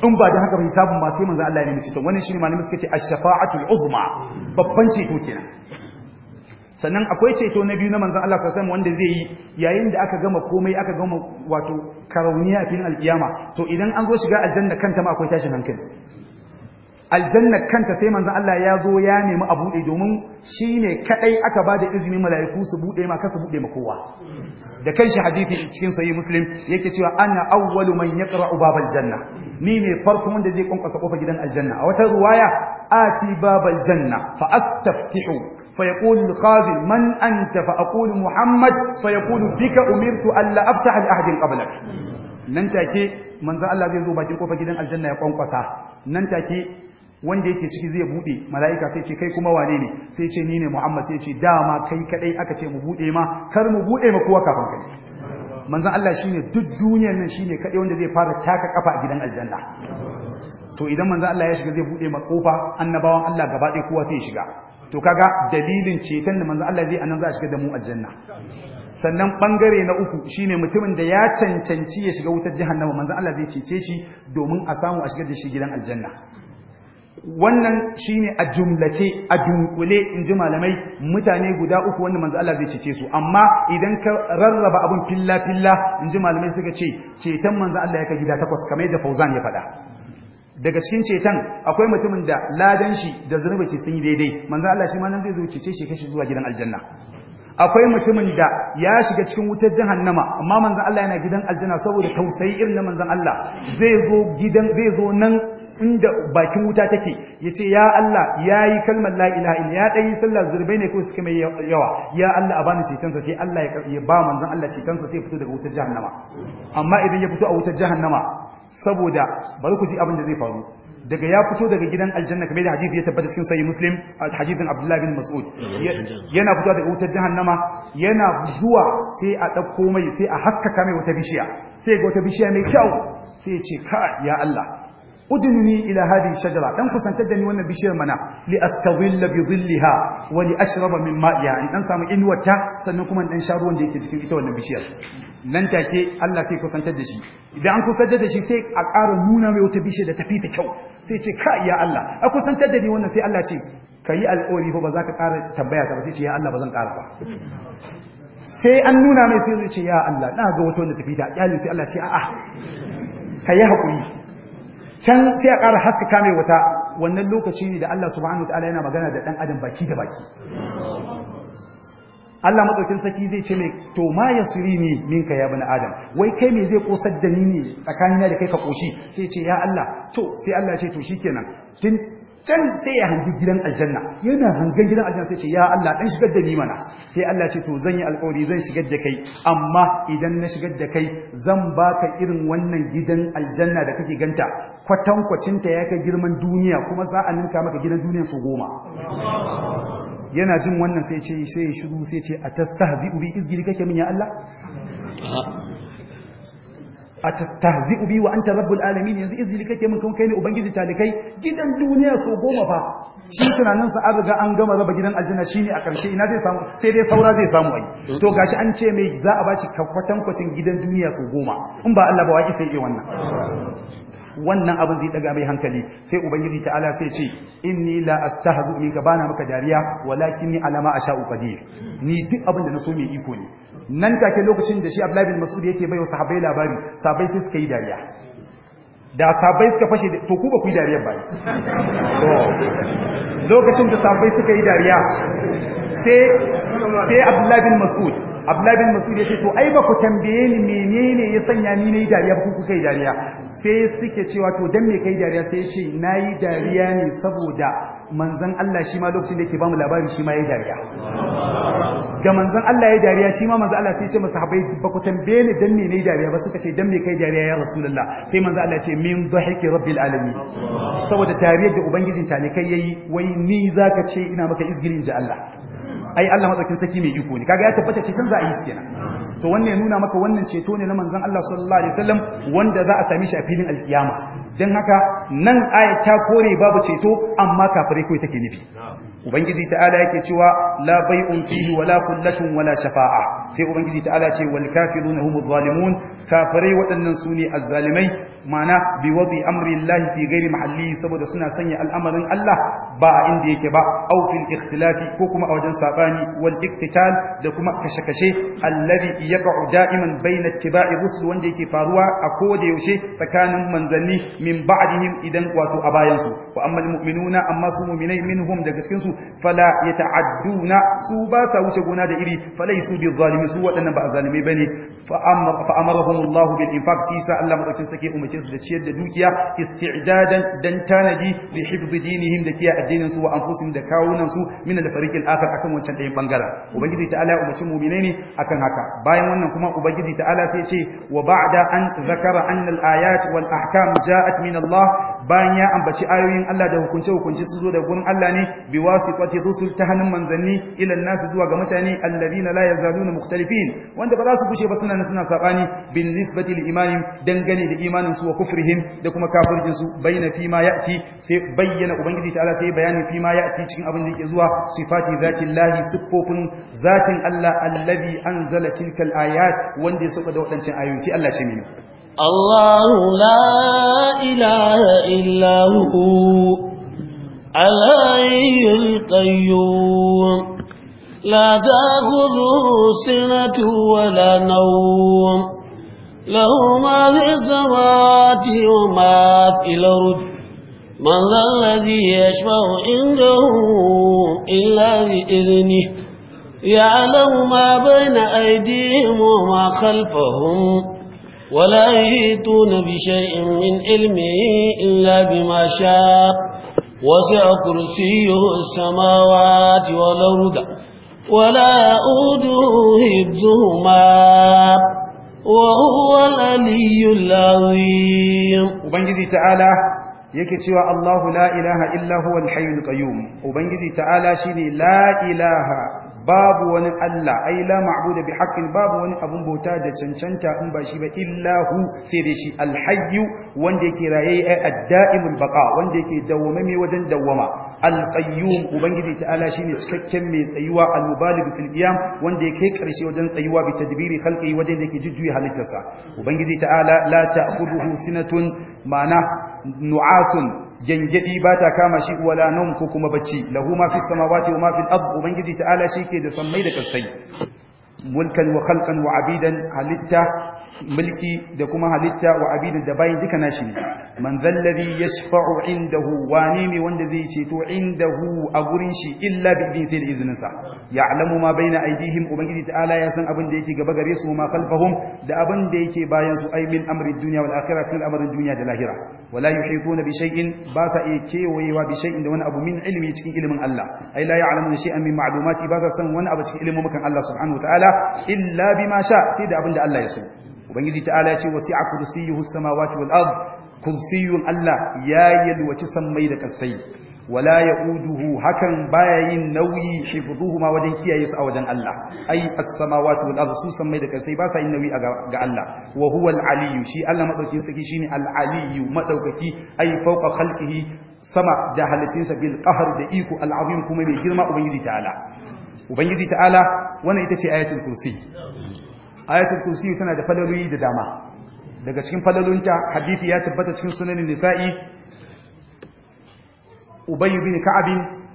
in ba da haka ba hisabun ba sai manzo Allah ya nemi ce to wannan shine malamin suka ce ash-shafa'atul uzma babban ceto kenan sannan akwai ceto na biyu na manzon Allah Sassan wanda zai yi yayin da aka gama komai aka gama wato karauniya a filin alkiyama to idan an zo shiga aljanna kanta ma akwai tashin hankali aljanna kanta sai manzan Allah ya zo ya nemi a buɗe domin shi ne kaɗai aka ba da izinin mala'iku su buɗe ma kasa buɗe ma kowa da kanshi hadithi cikin sahih muslim yake cewa ana awwalu man yaqra'u babal janna ni ne farko wanda zai kwankwasa ƙofa gidan aljanna a wata ruwaya ati babal janna fa astaftihu fa yaqulu al-qadi man anta fa aqulu muhammad fa yaqulu bika umirtu an la aftaha li ahadin qablak nan take manzon Allah zai zo bakin kofar gidan aljanna ya kwankwasa nan take wanda yake ciki zai bude mala'ika sai ce kai kuma wane ne sai ce ni ne Muhammad sai ce dama kai kadai aka ce mu bude ma kar mu bude ma kowa kafin
kai
manzon Allah shine duk duniyar nan shine kadai wanda zai fara taka kafa a gidan aljanna to idan manzon Allah ya shiga zai bude ma kofa annabawan Allah gaba ɗaya kowa sai ya shiga to kaga dalilin ceton da manzon Allah zai anan za a shiga da mu aljanna sannan bangare na uku shine mutumin da ya cancanci ya shiga wutar jahannama manzon Allah zai cece shi domin a samu a shiga da shi gidan aljanna wannan shine a jumlace a dunkule in ji malamai mutane guda uku wanda manzo Allah zai cece su amma idan ka rarraba abun filla filla in ji malamai suka ce ceton manzo Allah ya kai gida takwas kamar yadda Fauzan ya faɗa daga cikin ceton akwai mutumin da ladan shi da zunubi ce sun yi daidai manzo Allah shi ma nan zai zo cece shi kashi zuwa gidan aljanna akwai mutumin da ya shiga cikin wutar jahannama amma manzon Allah yana gidan aljanna saboda tausayi irin na manzon Allah zai zo gidan zai zo nan inda bakin wuta take ya ce ya Allah yayi kalmar la’ila ilaha ya dai sallar zurbai ne ko suka mai yawa ya Allah a bani cetonsa sai Allah ya ba manzan Allah cetonsa sai fito daga wutar jahannama amma idan ya fito a wutar jahannama saboda bari ku ji abin da zai faru daga ya fito daga gidan aljanna kamar da hadisi ya tabbata cikin sahih muslim hadisin abdullahi bin mas'ud yana fito daga wutar jahannama yana zuwa sai a dauko mai sai a haskaka mai wata bishiya sai ga wata bishiya mai kyau sai ya ce ka ya Allah udnini ila hadhihi shajara dan kusantar da ni wannan bishiyar mana li astawilla bi dhillaha wa li ashraba min ma'iha in dan samu inuwata sannan kuma dan sha ruwan da yake cikin ita wannan bishiyar nan take Allah sai kusantar da shi idan an kusantar da shi sai a ƙara nuna mai wata bishiyar da tafi da kyau sai ce ka ya Allah a kusantar da ni wannan sai Allah ce kayi alƙawari fa ba za ka ƙara tambaya ta ba sai ce ya Allah ba zan ƙara ba sai an nuna mai sai zai ce ya Allah na ga wata wanda tafi da iyali sai Allah ce a'a kayi haƙuri can sai a ƙara haskaka mai wata. wannan lokaci ne da Allah subhanahu ta'ala yana magana da ɗan adam baki da baki Allah maɗaukin saki zai ce mai to ma ya suri ne minka ya bani adam wai kai me zai ƙosar da ni ne tsakanina da kai ka ƙoshi? sai ce ya Allah to sai Allah ce to shikenan tun can sai ya hangi gidan aljanna yana hangen gidan aljanna sai ce ya Allah dan shigar da ni mana sai Allah ce to zan yi alƙawari zan shigar da kai amma idan na shigar da kai zan baka irin wannan gidan aljanna da kake ganta kwatan kwacinta ya kai girman duniya kuma za a ninka maka gidan duniya su goma yana jin wannan sai ce sai ya shiru sai ce atastahzi'u bi izgili kake min ya Allah a tastahzi'u bi wa anta rabbul alamin yanzu izili kake min kan kai ne ubangiji talikai gidan duniya so goma fa shi tunanin sa an an gama raba gidan aljanna shine a karshe ina zai samu sai dai saura zai samu ai to gashi an ce mai za a bashi kakwatan kwacin gidan duniya so goma in ba Allah ba waki sai yi wannan wannan abin zai daga mai hankali sai ubangiji ta'ala sai ce inni la astahzi'u bika bana maka dariya walakinni alama asha'u qadir ni duk abin da na so mai iko ne nan take lokacin da shi Abdullahi bin Mas'ud yake bai wa sahabbai labari sahabbai sai suka yi dariya da sahabbai suka fashe to ku ba ku yi dariya ba lokacin da sahabbai suka yi dariya sai sai abdullahi bin mas'ud abdullahi bin mas'ud ya ce to ai ba ku tambaye ni menene ya sanya ni na yi dariya ba ku kai dariya sai suke cewa to dan me kai dariya sai ya ce nayi dariya ne saboda manzan Allah shi ma lokacin da yake bamu labari shi ma yi dariya ga manzan Allah ya yi dariya shi ma manzon Allah sai ya ce masahabai ba ku tambaye ni dan me nayi dariya ba suka ce dan me kai dariya ya rasulullah sai manzan Allah ya ce min dhahiki rabbil alamin saboda dariyar da ubangijin ta ne talikai yayi wai ni zaka ce ina maka izgirin ji Allah ai Allah madaukin saki mai iko ne kaga ya tabbata kan za a yi shi kenan to wannan ya nuna maka wannan ceto ne na manzon Allah sallallahu alaihi wasallam wanda za a sami shi a filin alkiyama dan haka nan aya ta kore babu ceto amma kafirai kai take nufi ubangiji ta'ala yake cewa la bai'un fihi wala kullatun wala shafa'a sai ubangiji ta'ala ce wal kafiruna humu zalimun kafirai waɗannan sune azzalimai mana bi wadi amri Allah fi ghairi mahalli saboda suna sanya al'amarin Allah ba a inda yake ba aw fil ikhtilafi ko kuma a wajen sabani wal iktital da kuma kashe-kashe alladhi yaqa'u da'iman bayna ittiba'i rusul wanda yake faruwa a koda yaushe tsakanin manzanni min ba'dihim idan wato a bayan su wa amma almu'minuna amma su mu'minai minhum daga cikin su fala yata'adduna su ba sa wuce gona da iri falaisu bi zalimi su wadannan ba zalimai bane fa amara fa amarahumullahu bil infaq sisa Allah madaukin sake umma taimake su da ciyar da dukiya isti'dadan dan tanadi li hifz dinihim da kiyaye addinin su wa anfusihim da kawunan su min al-fariq akhar akan wancan ɗayan bangaren ubangiji ta'ala ya umarci mu'minai ne akan haka bayan wannan kuma ubangiji ta'ala sai ce wa ba'da an zakara anna al-ayat wal ahkam ja'at min Allah bayan ya ambaci ayoyin Allah da hukunce hukunce su zo da gurin Allah ne bi wasitati rusul ta hannun manzanni ila nasu zuwa ga mutane alladhina la yazaluna mukhtalifin wanda ba za su gushe ba suna suna sabani bin nisbati lil imani dangane da imanin su wa kufrihim da kuma kafircin su bayyana fi ma ya'ti sai bayyana ubangiji ta'ala sai bayani fi ma ya'ti cikin abin da yake zuwa sifati zatillahi siffofin zatin Allah allazi anzala tilkal ayat wanda ya saka da wadancan ayoyi sai Allah ce mene الله لا إله إلا هو الحي
القيوم لا تأخذه سنة ولا نوم له ما في السماوات وما في الأرض من ذا الذي يشفع عنده إلا بإذنه يعلم ما بين أيديهم وما خلفهم ولا يهيتون بشيء من علمه إلا بما شاء وسع كرسيه السماوات والأرض ولا يؤده حفظهما
وهو العلي العظيم وبنجي تعالى yake cewa Allahu la ilaha illa huwal hayyul qayyum ubangiji ta'ala shine la ilaha babu wani Allah ai la ma'budu bi haqqin babu wani abun bauta da cancanta in ba shi ba illahu sai da shi al hayyu wanda yake raye ai addaimul baqa wanda yake dawwamame wajen dawwama al alqayyum ubangiji ta'ala shine cikakken mai tsayuwa almubalig fil qiyam wanda yake karshe wajen tsayuwa bi tadbiri khalqi wajen da yake jujjuya halittarsa ubangiji ta'ala la ta'khuduhu sinatun ma'ana nu'asun gengedi ba ta kama shi wala nan ko kuma bacci lahu ma fi samawati wa ma ard ubangiji ta'ala shi ke da sammai da kasai mulkan wa khalqan wa abidan halitta mulki da kuma halitta wa abidin da bayan duka nashi ne man zallabi yashfa'u indahu wane ne wanda zai ceto hu a gurin shi illa bi sai da izinin sa ya'lamu ma baina aydihim ubangiji ta'ala ya san abin da yake gaba gare su ma khalfahum da abin da yake bayan su ai min amri duniya wal akhirah sun amrin duniya da lahira wala yuhituna bi shay'in ba sa iya kewayewa bi shay'in da wani abu min ilmi cikin ilimin Allah ay la ya'lamu shay'an min ma'lumati ba sa san wani abu cikin ilimin Allah subhanahu wa ta'ala illa bima sha sai da abin da Allah ya so ubangiji ta'ala ya ce wasi'a kursiyyuhu samawati wal ard kursiyun Allah ya yalwaci sammai da kasai wala yauduhu hakan baya yin nauyi hifdhuhuma wajen kiyaye su a wajen Allah ai as-samawati wal ard su sammai da kasai ba sa yin nauyi ga Allah wa huwa al shi Allah madaukakin saki shine al-aliyyu madaukaki ai fawqa khalqihi sama da halittinsa bil qahr da iko al-azim kuma mai girma ubangiji ta'ala ubangiji ta'ala wannan ita ce ayatul kursi ayatul kursi tana da falaloli da dama daga cikin falalunta hadisi ya tabbata cikin sunanin nisa'i ubay bin ka'ab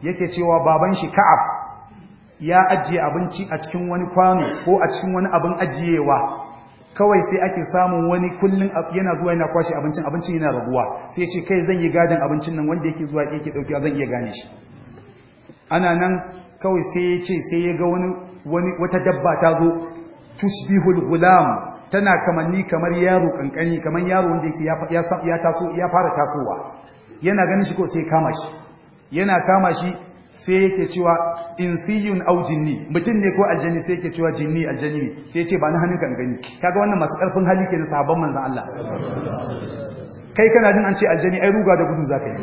yake cewa baban shi ka'ab ya ajiye abinci a cikin wani kwano ko a cikin wani abin ajiyewa kawai sai ake samun wani kullun yana zuwa yana kwashe abincin abincin yana raguwa sai ce kai zan yi gadin abincin nan wanda yake zuwa yake dauki zan iya gane shi ana nan kawai sai ya ce sai ya ga wani wata dabba ta zo tushbihul gulam tana kamanni kamar yaro kankani kamar yaro wanda yake ya taso ya fara tasowa yana ganin shi ko sai kama shi yana kama shi sai yake cewa insiyun au jinni mutum ne ko aljanni sai yake cewa jinni aljanni sai ya ce ba ni hannun kan gani kaga wannan masu karfin hali ke na sahabban manzo Allah kai kana jin an ce aljani ai ruga da gudu zaka yi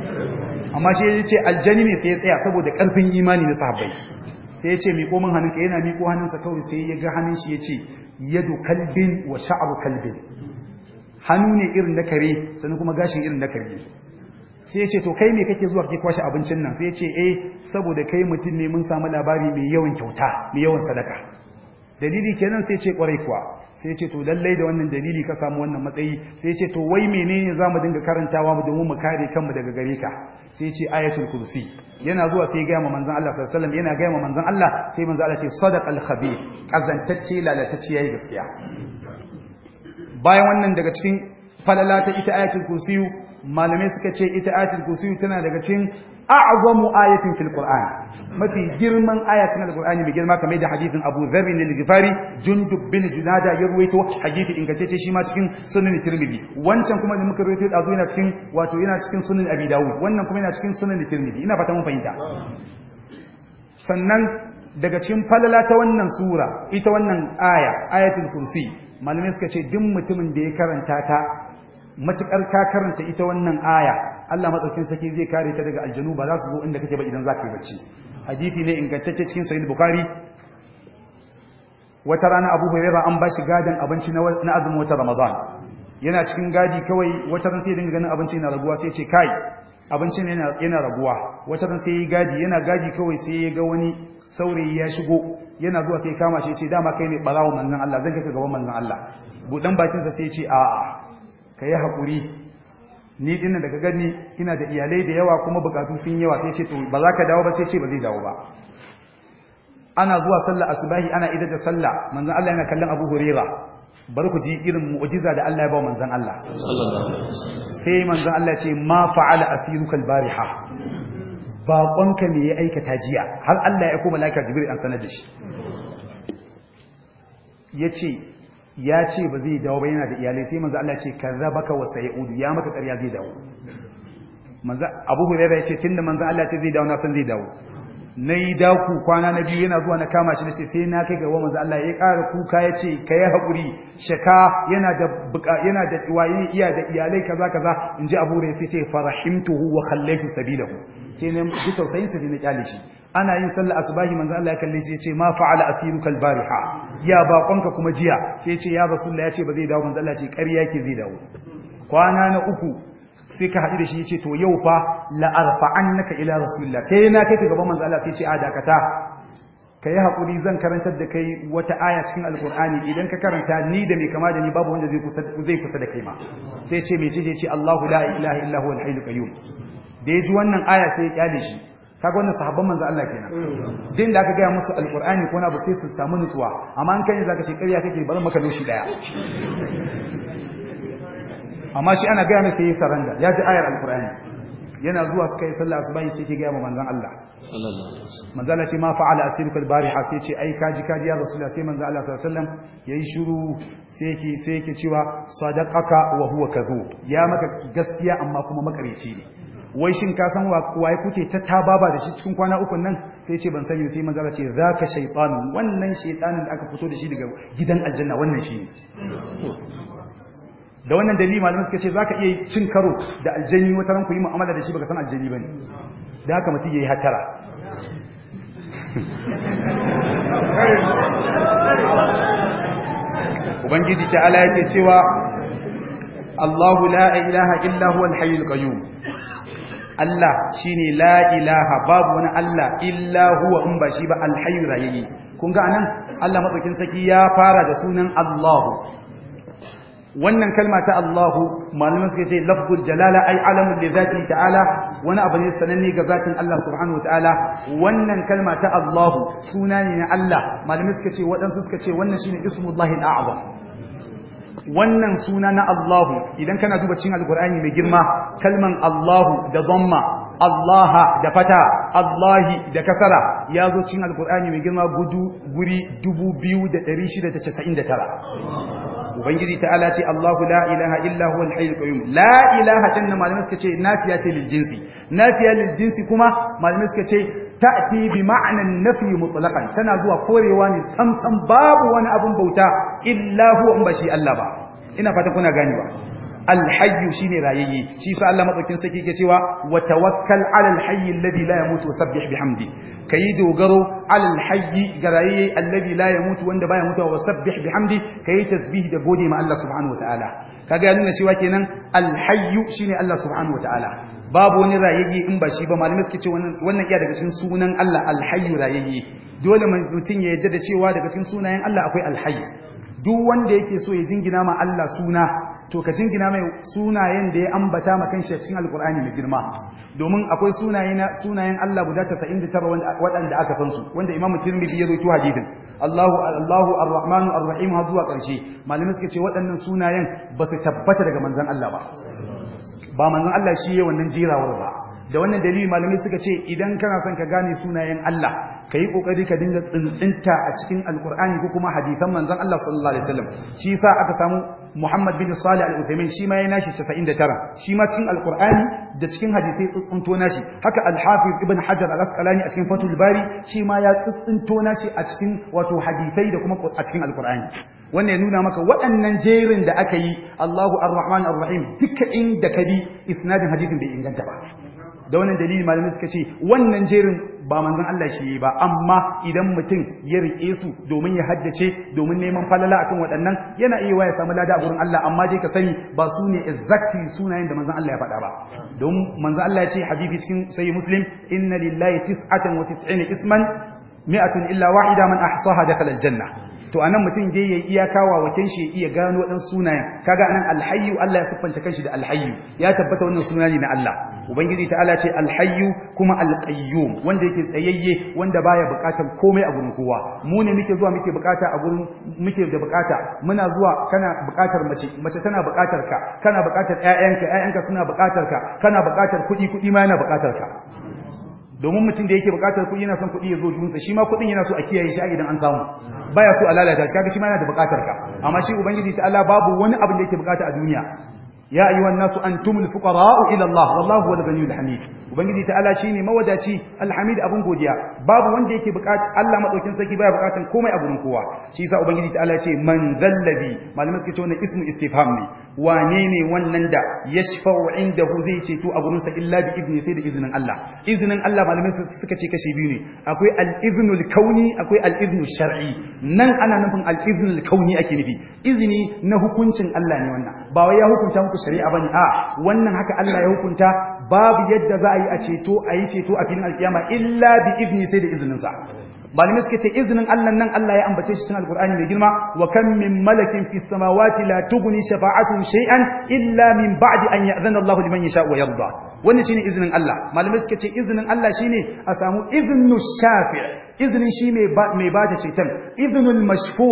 amma shi ya ce aljani ne sai ya tsaya saboda karfin imani na sahabbai sai ya ce miƙo min hannunka yana miko hannunsa kawai sai ya ga hannun shi ya ce yadu kalbin wa sha'abu kalbin hannu ne irin na kare sannan kuma gashin irin na kare sai ya ce to kai me kake zuwa kake kwashe abincin nan sai ya ce eh saboda kai mutum ne mun samu labari mai yawan kyauta mai yawan sadaka dalili kenan sai ya ce kwarai kuwa sai ce to lallai da wannan dalili ka samu wannan matsayi sai ce to wai menene zamu dinga karantawa mu domin mu kare kanmu daga gare ka sai ce ayatul kursi yana zuwa sai ga manzon Allah sallallahu alaihi wasallam yana ga manzon Allah sai manzon Allah ce sadaqal khabir azantacce lalatacce yayi gaskiya bayan wannan daga cikin falala ta ita ayatul kursi malamai suka ce ita ayatul kursiyu tana daga cikin a'zamu ayatin fil qur'an mafi girman aya cikin alqur'ani mai girma kamar da hadithin Abu Dharr bin al-Ghifari Jundub bin Junada ya ruwaito hadithi ingantacce shi ma cikin sunan Tirmidhi wancan kuma da muka ruwaito dazu yana cikin wato yana cikin sunan Abi Dawud wannan kuma yana cikin sunan Tirmidhi ina fata mun fahimta sannan daga cikin falala ta wannan sura ita wannan aya ayatul kursi malamai suka ce duk mutumin da ya karanta ta Matuƙar ka karanta ita wannan aya Allah madaukin saki zai kare ta daga aljanu ba za su zo inda kake ba idan za ka yi bacci Hadithi ne ingantacce cikin sahih bukhari wata rana Abu Hurairah an bashi gadan abinci na azumin wata Ramadan yana cikin gadi kawai wata ran sai dinga ganin abinci yana raguwa sai ce kai abincin yana yana raguwa wata ran sai yi gadi yana gadi kawai sai ya ga wani saurayi ya shigo yana zuwa sai kama shi ya ce dama kai ne barawo manzon Allah zan kai ka gaban manzon Allah budan bakin sa sai ya ce a'a ka yi haƙuri ni dinna daga gani ina da iyalai da yawa kuma bukatu sun yawa sai ce to ba za ka dawo ba sai ce ba zai dawo ba ana zuwa sallah asubahi ana idar da sallah manzon Allah yana kallon Abu Huraira barku ku ji irin mu'ujiza da Allah ya ba manzon Allah sai manzon Allah ce ma fa'ala asiruka al-bariha baƙonka ne ya aikata jiya har Allah ya koma malaika jibril an sanar da shi yace ya ce ba zai dawo ba yana da iyalai sai manzo Allah ce kazabaka wa sayudu ya maka ƙarya zai dawo manzo Abu Hurairah ya ce tunda manzo Allah ce zai dawo na san zai dawo na yi daku kwana na biyu yana zuwa na kama shi na ce sai na kai ga wanzu Allah ya ƙara kuka ya ce ka yi haƙuri shaka yana da buka yana da iwaye iya da iyalai kaza kaza in ji abu rai sai ce farahimtuhu wa khallaitu sabilahu sai na ji tausayin sa na kyale shi ana yin sallar asbahi manzo Allah ya kalle shi ya ce ma fa'ala asiruka albariha ya baƙonka kuma jiya sai ya ce ya rasulullah ya ce ba zai dawo manzo Allah ce ƙarya ke zai dawo kwana na uku sai ka haɗu da shi ce to yau fa la naka ila rasulillah sai na kai ka gaban manzo Allah sai ce a dakata kai hakuri zan karantar da kai wata aya cikin alqur'ani idan ka karanta ni da mai kama da ni babu wanda zai kusa zai kusa da kai ma sai ce mai ce ce Allahu la ilaha illa huwa al-hayyul qayyum da yaji wannan aya sai ya kyale shi kaga wannan sahabban manzo Allah kenan din da aka gaya musu alqur'ani ko na ba sai su samu nutsuwa amma an kai zaka ce ƙarya kake bazan maka loshi daya amma shi ana gaya masa yi saranda ya ji ayar alkur'ani yana zuwa suka yi sallah asuba sai ke gaya ma manzan Allah manzon ce ma fa'ala asiruka bariha sai ce ai kaji kaji ya rasulullah sai manzon Allah sallallahu alaihi wasallam yayi shiru sai yake sai yake cewa sadaqaka wa huwa ya maka gaskiya amma kuma makareci ne wai shin ka san waye kuke ta tababa da shi cikin kwana uku nan sai ce ban sani sai manzala ce zaka shaytanu wannan shaytanin da aka fito da shi daga gidan aljanna wannan shi
ne
da wannan dalili malamai suka ce za ka iya cin karo da aljani wata ranku ku yi mu'amala da shi baka san aljani ne. da haka mutum ya yi hatara ubangiji ta ala yake cewa Allahu la'a ilaha illa huwa Allah shi la ilaha babu wani Allah illa huwa in ba shi ba alhayu rayayi kun ga anan Allah matsakin saki ya fara da sunan Allahu wannan kalma ta Allahu malaman suka ce lafzul jalala ay alamun li zati ta'ala wani abu ne sananne ga zatin Allah subhanahu wa ta'ala wannan kalma ta Allahu suna ne na Allah malaman suka ce waɗansu suka ce wannan shine ismullahi al wannan suna na Allahu idan kana duba cikin alqur'ani mai girma kalman Allahu da dhamma Allah da fata, Allah da kasara ya zo cikin alkur'ani mai girma gudu guri 2699. ubangiji ta'ala ce Allahu la ilaha illa huwa al-hayyul qayyum la ilaha tanna malamai suka ce nafiya ce lil jinsi nafiya lil jinsi kuma malamai suka ce ta'ti bi ma'anan nafi mutlaqan tana zuwa korewa ne samsam babu wani abun bauta illa huwa in ba shi Allah ba ina fatan kuna ganewa alhayyu shine rayayye shi sa Allah matsakin saki ke cewa wa tawakkal ala alhayyi alladhi la yamutu wa sabbih bihamdi kayi dogaro ala alhayyi ga rayayye alladhi la yamutu wanda baya mutuwa wa sabbih bihamdi kayi tasbih da gode ma Allah subhanahu ta'ala. kaga ya nuna cewa kenan alhayyu shine Allah subhanahu ta'ala. babu wani rayayye in ba shi ba malamai suke cewa wannan iya daga cikin sunan Allah Alhayu rayayye dole mutum ya yarda da cewa daga cikin sunayen Allah akwai alhayyu duk wanda yake so ya jingina ma Allah suna to ka jingina mai sunayen da ya ambata ma kanshi a cikin alkur'ani mai girma domin akwai sunaye na sunayen Allah guda 99 wanda waɗanda aka san su wanda Imam Tirmidhi ya rawaito hadisin Allahu Allahu Ar-Rahman Ar-Rahim har zuwa ƙarshe malamai suka ce waɗannan sunayen ba su tabbata daga manzon Allah ba ba manzon Allah shi ya wannan jirawar ba da wannan dalili malamai suka ce idan kana son ka gane sunayen Allah ka yi kokari ka dinga tsintsinta a cikin alkur'ani ko kuma hadisan manzon Allah sallallahu alaihi wasallam shi yasa aka samu Muhammad bin Salih al-Uthaymeen shi ma ya nashi 99 shi ma cikin alkur'ani da cikin hadisai tsintsinto nashi haka al-Hafiz Ibn Hajar al-Asqalani a cikin Fathul Bari shi ma ya tsintsinto nashi a cikin wato hadisai da kuma a cikin alkur'ani wannan ya nuna maka waɗannan jerin da aka yi Allahu Ar-Rahman Ar-Rahim duka inda ka bi isnadin hadisin bai inganta ba da wannan dalili malamai suka ce wannan jerin ba manzon Allah shi ba amma idan mutum ya rike su domin ya haddace domin neman falala akan waɗannan yana iya ya samu lada a gurin Allah amma dai ka sani ba su ne exactly sunayen da manzon Allah ya faɗa ba don manzon Allah ya ce habibi cikin sahih muslim inna lillahi tis'atan wa tis'ina isman mi'atun illa wahida man ahsaha dakhala aljanna to anan mutum dai ya iya kawa waken shi ya iya gano dan sunayen kaga anan alhayyu Allah ya siffanta kanshi da alhayyu ya tabbata wannan suna ne na Allah ubangiji ta'ala ce alhayyu kuma alqayyum wanda yake tsayayye wanda baya bukatar komai a gurin kowa mu ne muke zuwa muke bukata a gurin muke da bukata muna zuwa kana bukatar mace mace tana bukatar ka kana bukatar ƴaƴanka ƴaƴanka suna bukatar ka kana bukatar kuɗi kuɗi ma yana bukatar ka domin mutum da yake bukatar kuɗi yana son kuɗi ya zo junsa shi ma kuɗin yana so a kiyaye shi a idan an samu baya so a lalata shi kaga shi ma yana da bukatar ka amma shi ubangiji ta Allah babu wani abin da yake bukata a duniya ya ayyuhan nasu antumul fuqara'u ila Allah wallahu huwal ghaniyyul hamid ubangiji ta'ala ne mawadaci alhamid abin godiya babu wanda yake buƙatar Allah madaukin sarki baya buƙatar komai a gurin kowa shi yasa ubangiji ta'ala ce man zallabi malamai suke ce wannan ismu istifham ne wane ne wannan da yashfa'u indahu zai ceto a gurin sa illa bi idni sai da izinin Allah izinin Allah malamai suka ce kashe biyu ne akwai al-iznul kauni akwai al-iznul shar'i nan ana nufin al-iznul kauni ake nufi izini na hukuncin Allah ne wannan ba wai ya hukunta muku shari'a bane a wannan haka Allah ya hukunta babu yadda za a yi a ceto a yi ceto a filin alkiyama illa bi izini sai da izininsa malamai suka ce izinin Allah nan Allah ya ambace shi cikin alkur'ani mai girma wa kan min malakin fi samawati la tuguni shafa'atu, shay'an illa min ba'di an ya'zana Allah liman yasha wa yarda wannan shine izinin Allah malamai suka ce izinin Allah shine a samu izinu shafi' izinin shi mai ba da ceton izinul mashfu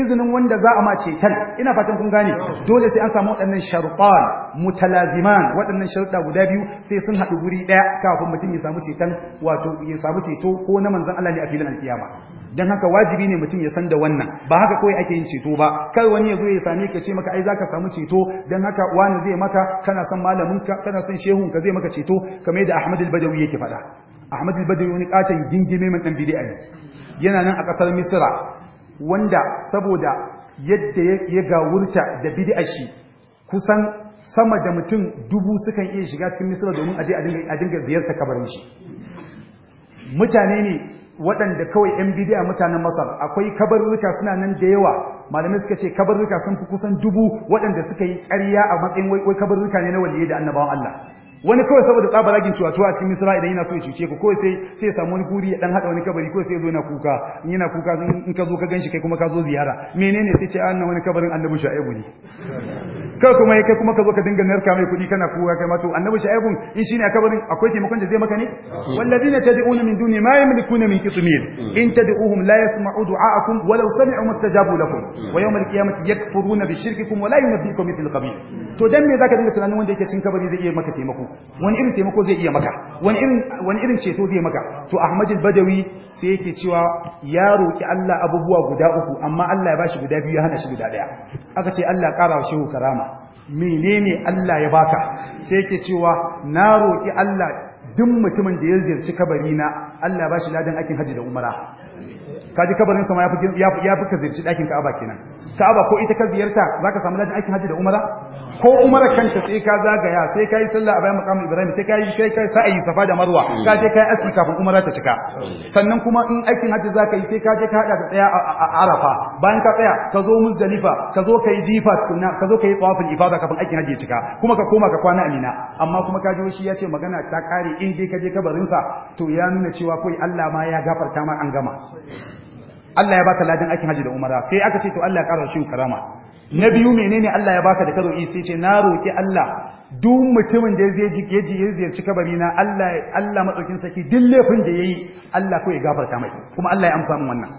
izinin wanda za a ma ceton ina fatan kun gane dole sai an samu waɗannan sharuɗan mutalaziman waɗannan sharuɗa guda biyu sai sun haɗu guri ɗaya kafin mutum ya samu ceton wato ya samu ceto ko na manzan Allah ne a filin alkiyama dan haka wajibi ne mutum ya san da wannan ba haka kawai ake yin ceto ba kai wani ya zo ya same ka ce maka ai zaka samu ceto dan haka wani zai maka kana son malamin ka kana son shehun ka zai maka ceto kamar yadda Ahmad al-Badawi yake faɗa Ahmad al badri wani katon gingime man dan bid'a ne yana nan a kasar Misra wanda saboda yadda ya gawurta da bid'a shi kusan sama da mutum dubu sukan iya shiga cikin Misra domin aje a dinga ziyarta kabarin shi mutane ne waɗanda kawai 'yan bid'a mutanen masar akwai kabarruka suna nan da yawa malamai suka ce kabarruka sun fi kusan dubu waɗanda suka yi ƙarya a matsayin wai kabarruka ne na waliyyi da annabawan Allah wani kawai saboda tsaba ragin cuwa cikin misra idan yana so ya cuce ku kawai sai sai ya samu wani guri ya dan haɗa wani kabari kawai sai ya zo yana kuka in yana kuka in ka zo ka ganshi kai kuma ka zo ziyara menene sai ce ah, an nan wani kabarin annabi shu'aibu ne kawai kuma kai kuma ka zo ka dinga narka mai kuɗi kana kuka kai ma to annabi shu'aibu in shine a kabarin akwai taimakon da zai maka ne walladina tad'una min duni ma yamlikuna min qitmir in tad'uhum la yasma'u du'a'akum walau sami'u mustajabu lakum wa yawm al-qiyamati yakfuruna bi shirkikum wa la yunabbi'ukum mithl khabir to dan me zaka dinga tunanin wanda yake cin kabari zai iya maka taimako wani irin taimako zai iya maka wani irin ceto zai maka to Ahmad badawi sai yake cewa ya roki Allah abubuwa guda uku amma Allah ya bashi guda biyu ya hana shi guda daya aka ce Allah ƙara kara wa shehu karama menene Allah ya baka sai yake cewa na roki Allah duk mutumin da ya ziyarci kabari na Allah ya bashi ladan aikin hajji da umara ka ji kabarin sama ya fi ka ɗakin ka'aba kenan ka'aba ko ita ka ziyarta za ka samu dajin aikin hajji da umara ko umara kanta sai ka zagaya sai ka yi sallah a bayan makamin ibrahim sai ka yi kai kai yi safa da marwa mm. ka je ka yi aski kafin umara ta cika mm. sannan kuma in aikin hajji za ka yi sai ka je ka haɗa ta tsaya a arafa bayan ka tsaya ka zo muzdalifa ka zo ka yi jifa tukunna ka zo ka yi tawafin ifada kafin aikin hajji ya cika kuma ka koma ka kwana amina amma kuma ka ji shi ya ce magana ta kare in dai ka je kabarinsa to ya nuna cewa kawai Allah ma ya gafarta ma an gama Allah ya baka ladan aikin haji da umara sai aka ce to Allah ya kara shi karama na biyu menene Allah ya baka da karo sai ce na roki Allah duk mutumin da zai ji yaji ya ziyarci kabari na Allah Allah madaukin saki duk laifin da yayi Allah ko ya gafarta mai kuma Allah ya amsa min wannan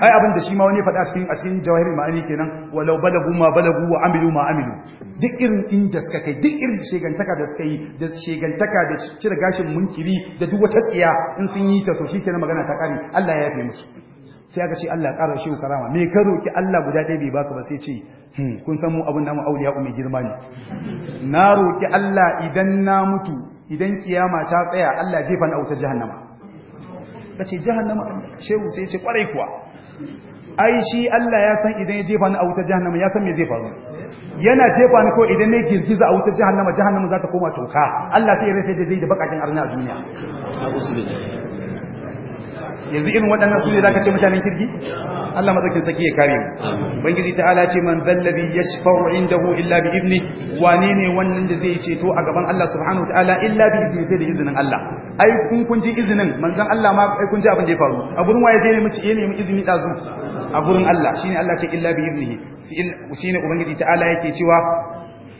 ai abin da shi ma wani faɗa cikin a cikin jawahir ma'ani kenan walau balagu ma balagu wa amilu ma amilu duk irin inda suka kai duk irin shegantaka da suka yi da shegantaka da cire gashin munkiri da duk wata tsiya in sun yi ta to kenan magana ta kare Allah ya yafe musu sai aka ce Allah ƙara shi karama me ka roki Allah guda ɗaya bai baka ba sai ce hmm, kun san mu abin namu auliya mai girma ne na roki Allah idan na mutu idan kiyama ta tsaya Allah jefa na autar jahannama kace jahannama shehu sai ce kwarai kuwa ai shi Allah ya san idan ya jefa ni a wutar jahannama ya san me zai faru yana jefa ni ko idan ne girgiza a wutar jahannama jahannama za ta koma toka Allah sai ya rasa da zai da bakakin arna a duniya
yanzu irin waɗannan su ne za ka ce mutanen
kirki Allah madaukin saki ya kare mu ubangiji ta'ala ce man zallabi yashfa'u indahu illa bi izni wane ne wannan da zai ceto a gaban Allah subhanahu wa ta'ala illa bi izni sai da izinin Allah ai kun kun ji izinin manzon Allah ma ai kun ji abin da ya faru a gurin waye zai nemi ci ya nemi izini dazu a gurin Allah shine Allah ce illa bi iznihi shine ubangiji ta'ala yake cewa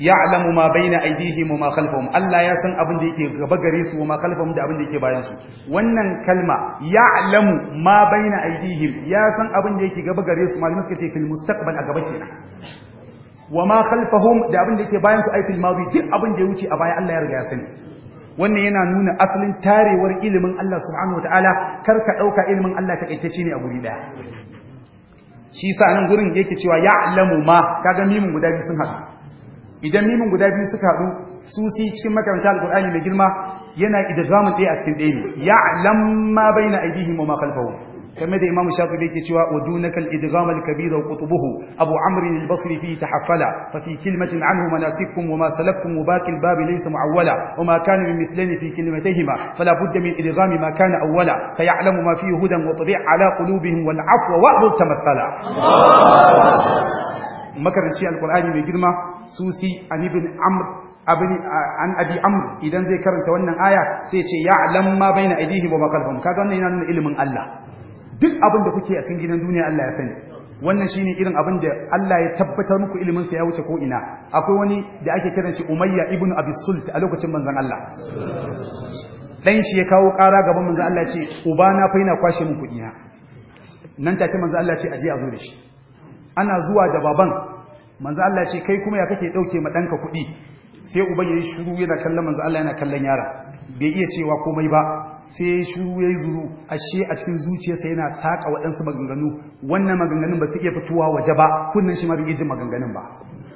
ya'lamu ma baina aydihim wa ma khalfahum Allah ya san abin da yake gaba gare su wa ma khalfahum da abin da yake bayan su wannan kalma ya'lamu ma baina aydihim ya san abin da yake gaba gare su malamin suka ce fil mustaqbal a gaba kenan wa ma khalfahum da abin da yake bayan su ai fil madi duk abin da ya wuce a baya Allah ya riga ya sani wannan yana nuna asalin tarewar ilimin Allah subhanahu wataala kar ka dauka ilimin Allah takaitacce ne a guri daya shi sa nan gurin yake cewa ya'lamu ma kaga mimin guda biyu sun haɗu idan mimin guda biyu suka haɗu susi cikin makaranta alkur'ani mai girma yana idgamun ɗaya a cikin ɗaya ne ya'lam ma baina wa ma khalfahum kamar da imamu shafi da yake cewa wa dunaka al-idgham wa qutubuhu abu amr al-basri fi tahaffala fa fi kalimatin anhu manasikum wa ma salaftum mubaki al-bab laysa mu'awwala wa ma kana min mithlain fi kalimatihima fala budda min idgham ma kana awwala fa ya'lamu ma fi hudan wa tabi' ala qulubihim wal 'afwa wa'dhu tamathala makaranci alkur'ani mai girma susi an ibn amr an abi amr idan zai karanta wannan aya sai ce ya ma baina aydihim wa ma kaga wannan yana nuna ilimin Allah duk abin da kuke a cikin gidan duniya Allah ya sani wannan shine irin abin da Allah ya tabbatar muku ilimin sa ya wuce ko ina akwai wani da ake kiran shi Umayya ibn Abi Sult a lokacin manzon Allah dan shi ya kawo ƙara gaban manzon Allah ce ubana fa yana kwashe min kuɗi na nan take manzon Allah ce aje a zo da shi ana zuwa da baban manzo Allah ce kai kuma ya kake dauke ma danka kuɗi sai uban yayi shiru yana kallon manzo Allah yana kallon yara. bai iya cewa komai ba sai yayi shiru yayi zuru ashe a cikin zuciyarsa yana saka waɗansu maganganu wannan maganganun ba su iya fitowa waje ba kunnan shi ma bai jin maganganun ba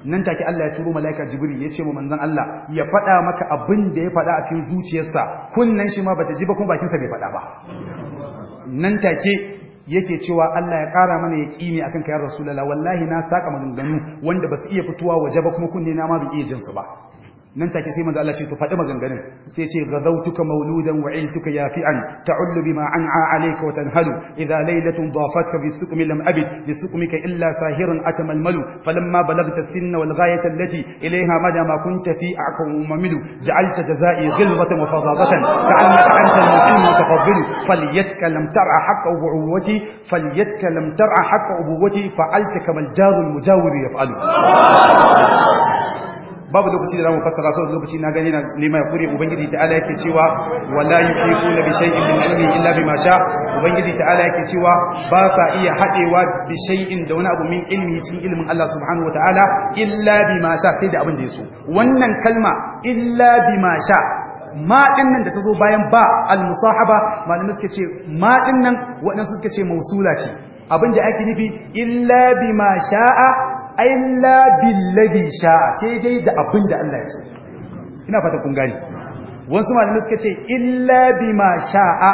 nan take Allah ya turo malaika jibril ya ce wa manzon Allah ya faɗa maka abin da ya faɗa a cikin zuciyarsa kunnan shi ma bata ji ba kuma bakinsa bai faɗa ba nan take yake cewa Allah ya ƙara mana ya ƙini akan kayan rasulala wallahi na saƙa maganganu wanda ba su iya fitowa waje ba kuma kunne na ma bai iya jinsu ba nan take sai manzo Allah ce to faɗi maganganun sai ce ghadawtuka mauludan wa iltuka yafi'an ta'ullu bima an'a alayka wa tanhalu idha laylatun dhafatka bi sukmi lam abid bi sukmika illa sahiran atamalmalu falamma balagta sinna wal ghayata allati ilayha mada ma kunta fi akum mamilu ja'alta jazai ghilwatan wa fadabatan ka'annaka anta al a mutafaddilu falyatka lam tar'a haqqa ubuwati falyatka lam tar'a haqqa ubuwati fa'alta kamar al-jaru al-mujawiru yaf'alu babu lokaci da zamu fassara saboda lokaci na gani na lima kure ubangiji ta'ala yake cewa wala yuqifuna bi shay'in min ilmi illa bima sha ubangiji ta'ala yake cewa ba sa iya hadewa bi shay'in da wani abu min ilmi cikin ilmin Allah subhanahu wa ta'ala illa bima sha sai da abin da yaso wannan kalma illa bima sha ma nan da tazo bayan ba al-musahaba malamin suka ce ma nan waɗansu suka ce mausula ce abin da ake nufi illa bima sha'a ai billadi billabi sha'a sai dai da abin da Allah ya so ina fata kun gani wasu malamai suka ce illa bima sha'a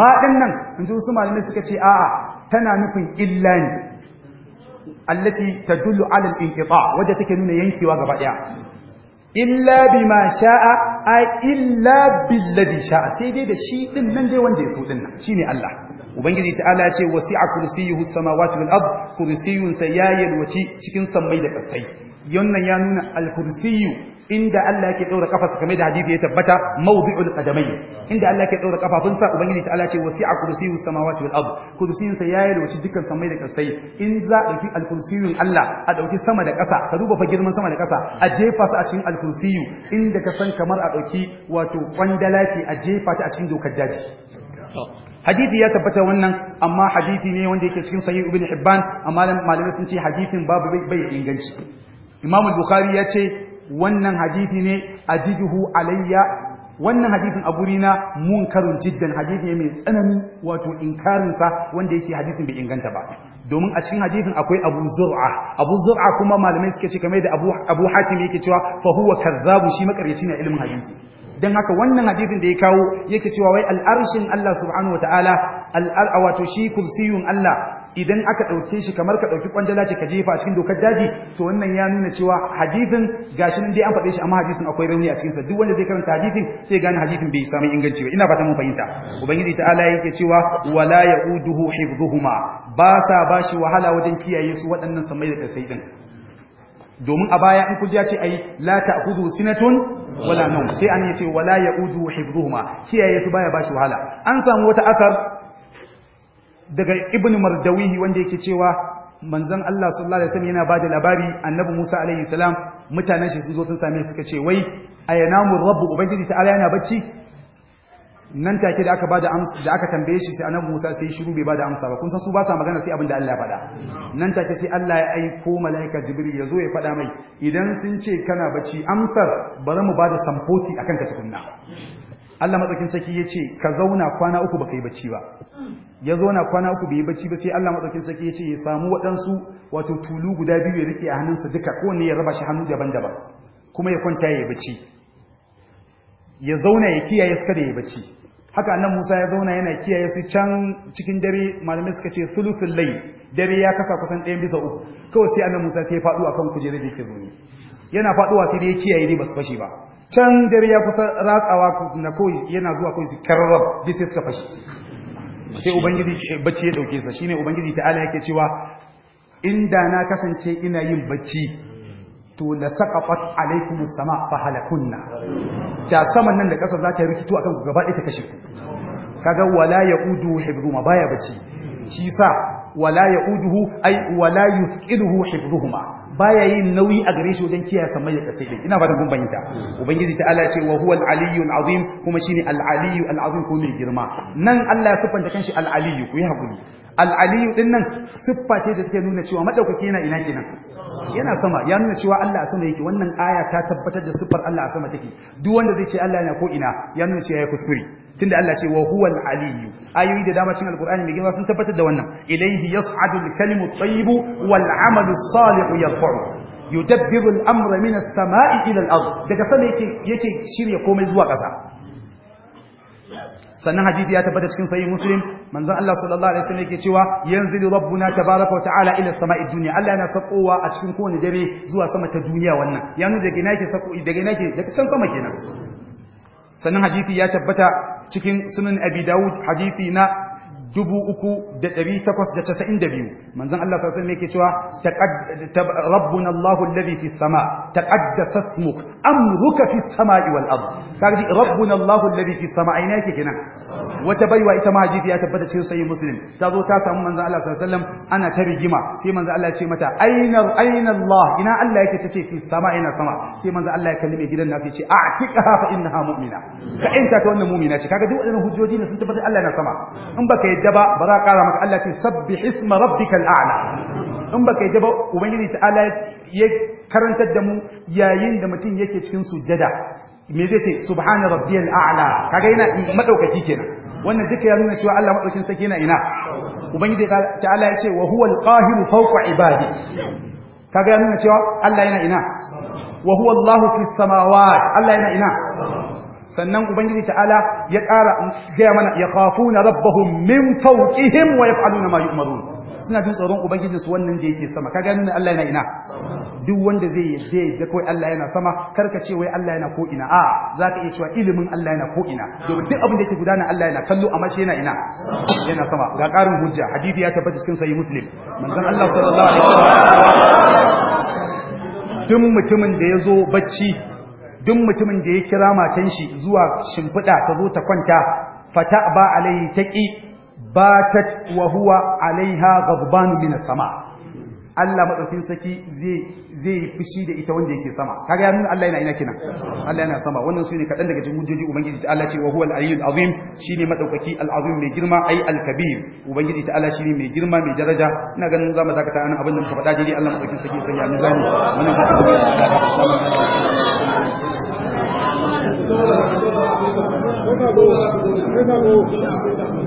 ma dinnan inji wasu malamai suka ce a'a tana nufin illa ne allati tadullu ala al-inqita wadda take nuna yankewa gaba daya illa bima sha'a ai illa billadi sha'a sai dai da shi din nan dai wanda ya so din nan shine Allah ubangiji ta'ala ya ce wasi'a kursiyuhu samawati wal abu kursiyun sa yayin wace cikin sammai da kasai yannan ya nuna al kursiyu inda Allah yake daura su kame da hadisi ya tabbata mawdi'ul qadamai inda Allah yake daura kafafunsa ubangiji ta'ala ce wasi'a kursiyuhu samawati wal ard kursiyun sa yayin wace dukkan sammai da kasai in za a dauki al kursiyun Allah a dauki sama da kasa ka duba fa girman sama da kasa a jefa su a cikin al kursiyu inda ka san kamar a dauki wato kwandala ce a jefa ta a cikin dokar daji hadisi ya tabbata wannan amma hadisi ne wanda yake cikin sahih ibn hibban amma malamai sun ce hadisin babu bai inganci imam bukhari ya ce wannan hadithi ne ajiduhu alayya wannan hadithin a munkarun jiddan hadisi ne mai tsanani wato inkarin sa wanda yake hadisin bai inganta ba domin a cikin hadisin akwai Abu Zur'a Abu Zur'a kuma malamai suke ce kamar da Abu Abu Hatim yake cewa fa huwa kazzabu shi makaryaci ne ilimin hadisi dan haka wannan hadisin da ya kawo yake cewa wai al'arshin Allah subhanahu wataala al'ar wato shi kursiyun Allah idan aka ɗauke shi kamar ka ɗauki kwandala ce ka jefa a cikin dokar daji to wannan ya nuna cewa hadithin gashi nan dai an faɗe shi amma hadithin akwai rauni a cikin sa duk wanda zai karanta hadithin sai gane hadithin bai samu inganci ba ina fata mun fahimta ubangiji ta'ala yake cewa wala yauduhu hifdhuhuma ba sa bashi wahala wajen kiyaye su waɗannan samai da sai din domin a baya in kuji ya ce ai la ta'khudhu sinatun wala nawm sai an yace wala ya'udu hibruhuma kiyaye su baya bashi wahala an samu wata akar daga ibn mardawihi wanda yake cewa manzon Allah sallallahu alaihi wasallam yana bada labari annabi Musa alaihi salam mutanen shi sun zo sun same suka ce wai ayanamu rabbu ubangiji ta'ala yana bacci nan take da aka bada amsa da aka tambaye shi sai annabi Musa sai shiru bai bada amsa ba kun san su ba sa magana sai abin Allah ya faɗa nan take sai Allah ya aiko malaika Jibril ya zo ya faɗa mai idan sun ce kana bacci amsar bari mu bada samfoti akan ka tukunna Allah matsakin saki ya ce ka zauna kwana uku baka yi bacci ba ya zauna kwana uku bai yi bacci ba sai Allah matsakin saki ya ce ya samu waɗansu wato tulu guda biyu ya rike a hannunsa duka ko kowanne ya raba shi hannu daban-daban kuma ya kwanta ya yi bacci ya zauna ya kiyaye suka da ya yi bacci haka annan Musa ya zauna yana kiyaye su can cikin dare malamai suka ce sulusul lai dare ya kasa kusan ɗayan bisa uku kawai sai annan Musa sai ya faɗo akan kujerar da yake zaune yana faɗuwa sai dai kiyaye dai basu fashe ba can dare ya kusa ratsawa na kawai yana zuwa kawai su karrab sai suka fashe sai ubangiji bacci ya dauke sa shine ubangiji ta'ala yake cewa inda na kasance ina yin bacci to la saqatat alaykum as-sama' fa halakunna da saman nan da kasar za ta rikito akan ku gaba ɗaya ta kashe ku kaga wala yaudu hibruhuma baya bace shi sa wala yauduhu ay wala yuthqiluhu hibruhuma baya yin nauyi a gare shi wajen kiyaye kamar ya kasai din ina fatan kun bayyana ubangiji ta Allah ce wa huwa al-aliyyul azim kuma shine al-aliyyu al-azim ko mai girma nan Allah ya siffanta kanshi al-aliyyu ku yi hakuri al-aliyyu din nan siffa ce da take nuna cewa madaukaki yana ina kenan yana sama ya nuna cewa Allah a sama yake wannan aya ta tabbatar da siffar Allah a sama take duk wanda zai ce Allah yana ko ina ya nuna cewa ya kuskure tunda Allah ce wa huwa al-aliyyu ayoyi da dama cikin alqur'ani mai girma sun tabbatar da wannan ilayhi yas'adu al-kalimu at-tayyibu wal 'amalu as-salihu yarfa yarfa'u yudabbiru al-amra min samai ilal al-ard daga sama yake shirya komai zuwa ƙasa sannan hadisi ya tabbata cikin sahih muslim manzon Allah sallallahu alaihi wasallam yake cewa yanzilu rabbuna tabaaraka wa ta'ala ila samai duniya. Allah yana sakowa a cikin kowane dare zuwa sama ta duniya wannan yana daga ina yake sako daga yake daga can sama kenan sannan hadisi ya tabbata cikin sunan abi daud hadisi na 3892 manzan Allah sallallahu ne ke cewa rabbuna Allahu alladhi fi sama ta taqaddasa ismuk amruka fis samai wal ard kaji rabbuna Allahu alladhi fi sama ina yake kenan wata baiwa ita ma ya tabbata cikin sahih musulun. ta zo ta samu manzan Allah sallallahu ana ta rigima sai manzon Allah ya ce mata aina aina Allah ina Allah yake ce fi sama ina sama sai manzon Allah ya kalli mai gidan nasa ya ce a'tiqaha fa innaha mu'mina ka inta ta wannan mu'mina ce kaga duk waɗannan hujjoji ne sun tabbata Allah na sama in baka yadda yadda ba ba za a ƙara maka Allah ce sabbi isma rabbikal a'la in baka yadda ba ubangiji ta'ala ya karanta da mu yayin da mutum yake cikin sujada, me zai ce subhana rabbiyal a'la kaga yana madaukaki kenan wannan duka ya nuna cewa Allah madaukin sake yana ina ubangiji ta'ala ya ce wa huwal qahiru fawqa ibadi kaga ya nuna cewa Allah yana ina wa huwa Allahu fis samawat Allah yana ina sannan ubangiji ta'ala ya ƙara gaya mana ya khafuna rabbahum min fawqihim wa yaf'aluna ma yu'marun suna jin tsoron ubangijin su wannan da yake sama kaga nuna Allah yana ina duk wanda zai yadda da kai Allah yana sama karka ce wai Allah yana ko ina a ka iya cewa ilimin Allah yana ko ina domin duk abin da yake gudana Allah yana kallo amma shi yana ina yana sama ga ƙarin hujja hadisi ya tabbata cikin sahih muslim manzon Allah sallallahu alaihi wasallam duk mutumin da ya zo bacci duk mutumin da ya kira matan shi zuwa shimfiɗa ta zo ta kwanta fata ba alaihi taqi batat wa huwa alaiha ghadban min sama Allah matsafin saki zai zai fushi da ita wanda yake sama kaga ya nuna Allah yana ina kenan Allah yana sama wannan ne kadan daga cikin hujjoji ubangiji ta Allah ce wa huwal aliyyul azim shine madaukaki al azim mai girma ai al kabir ubangiji ta Allah shine mai girma mai daraja ina ganin zamu dakata anan abin da muka faɗa dai Allah madaukin saki sai ya mizani
wannan Thank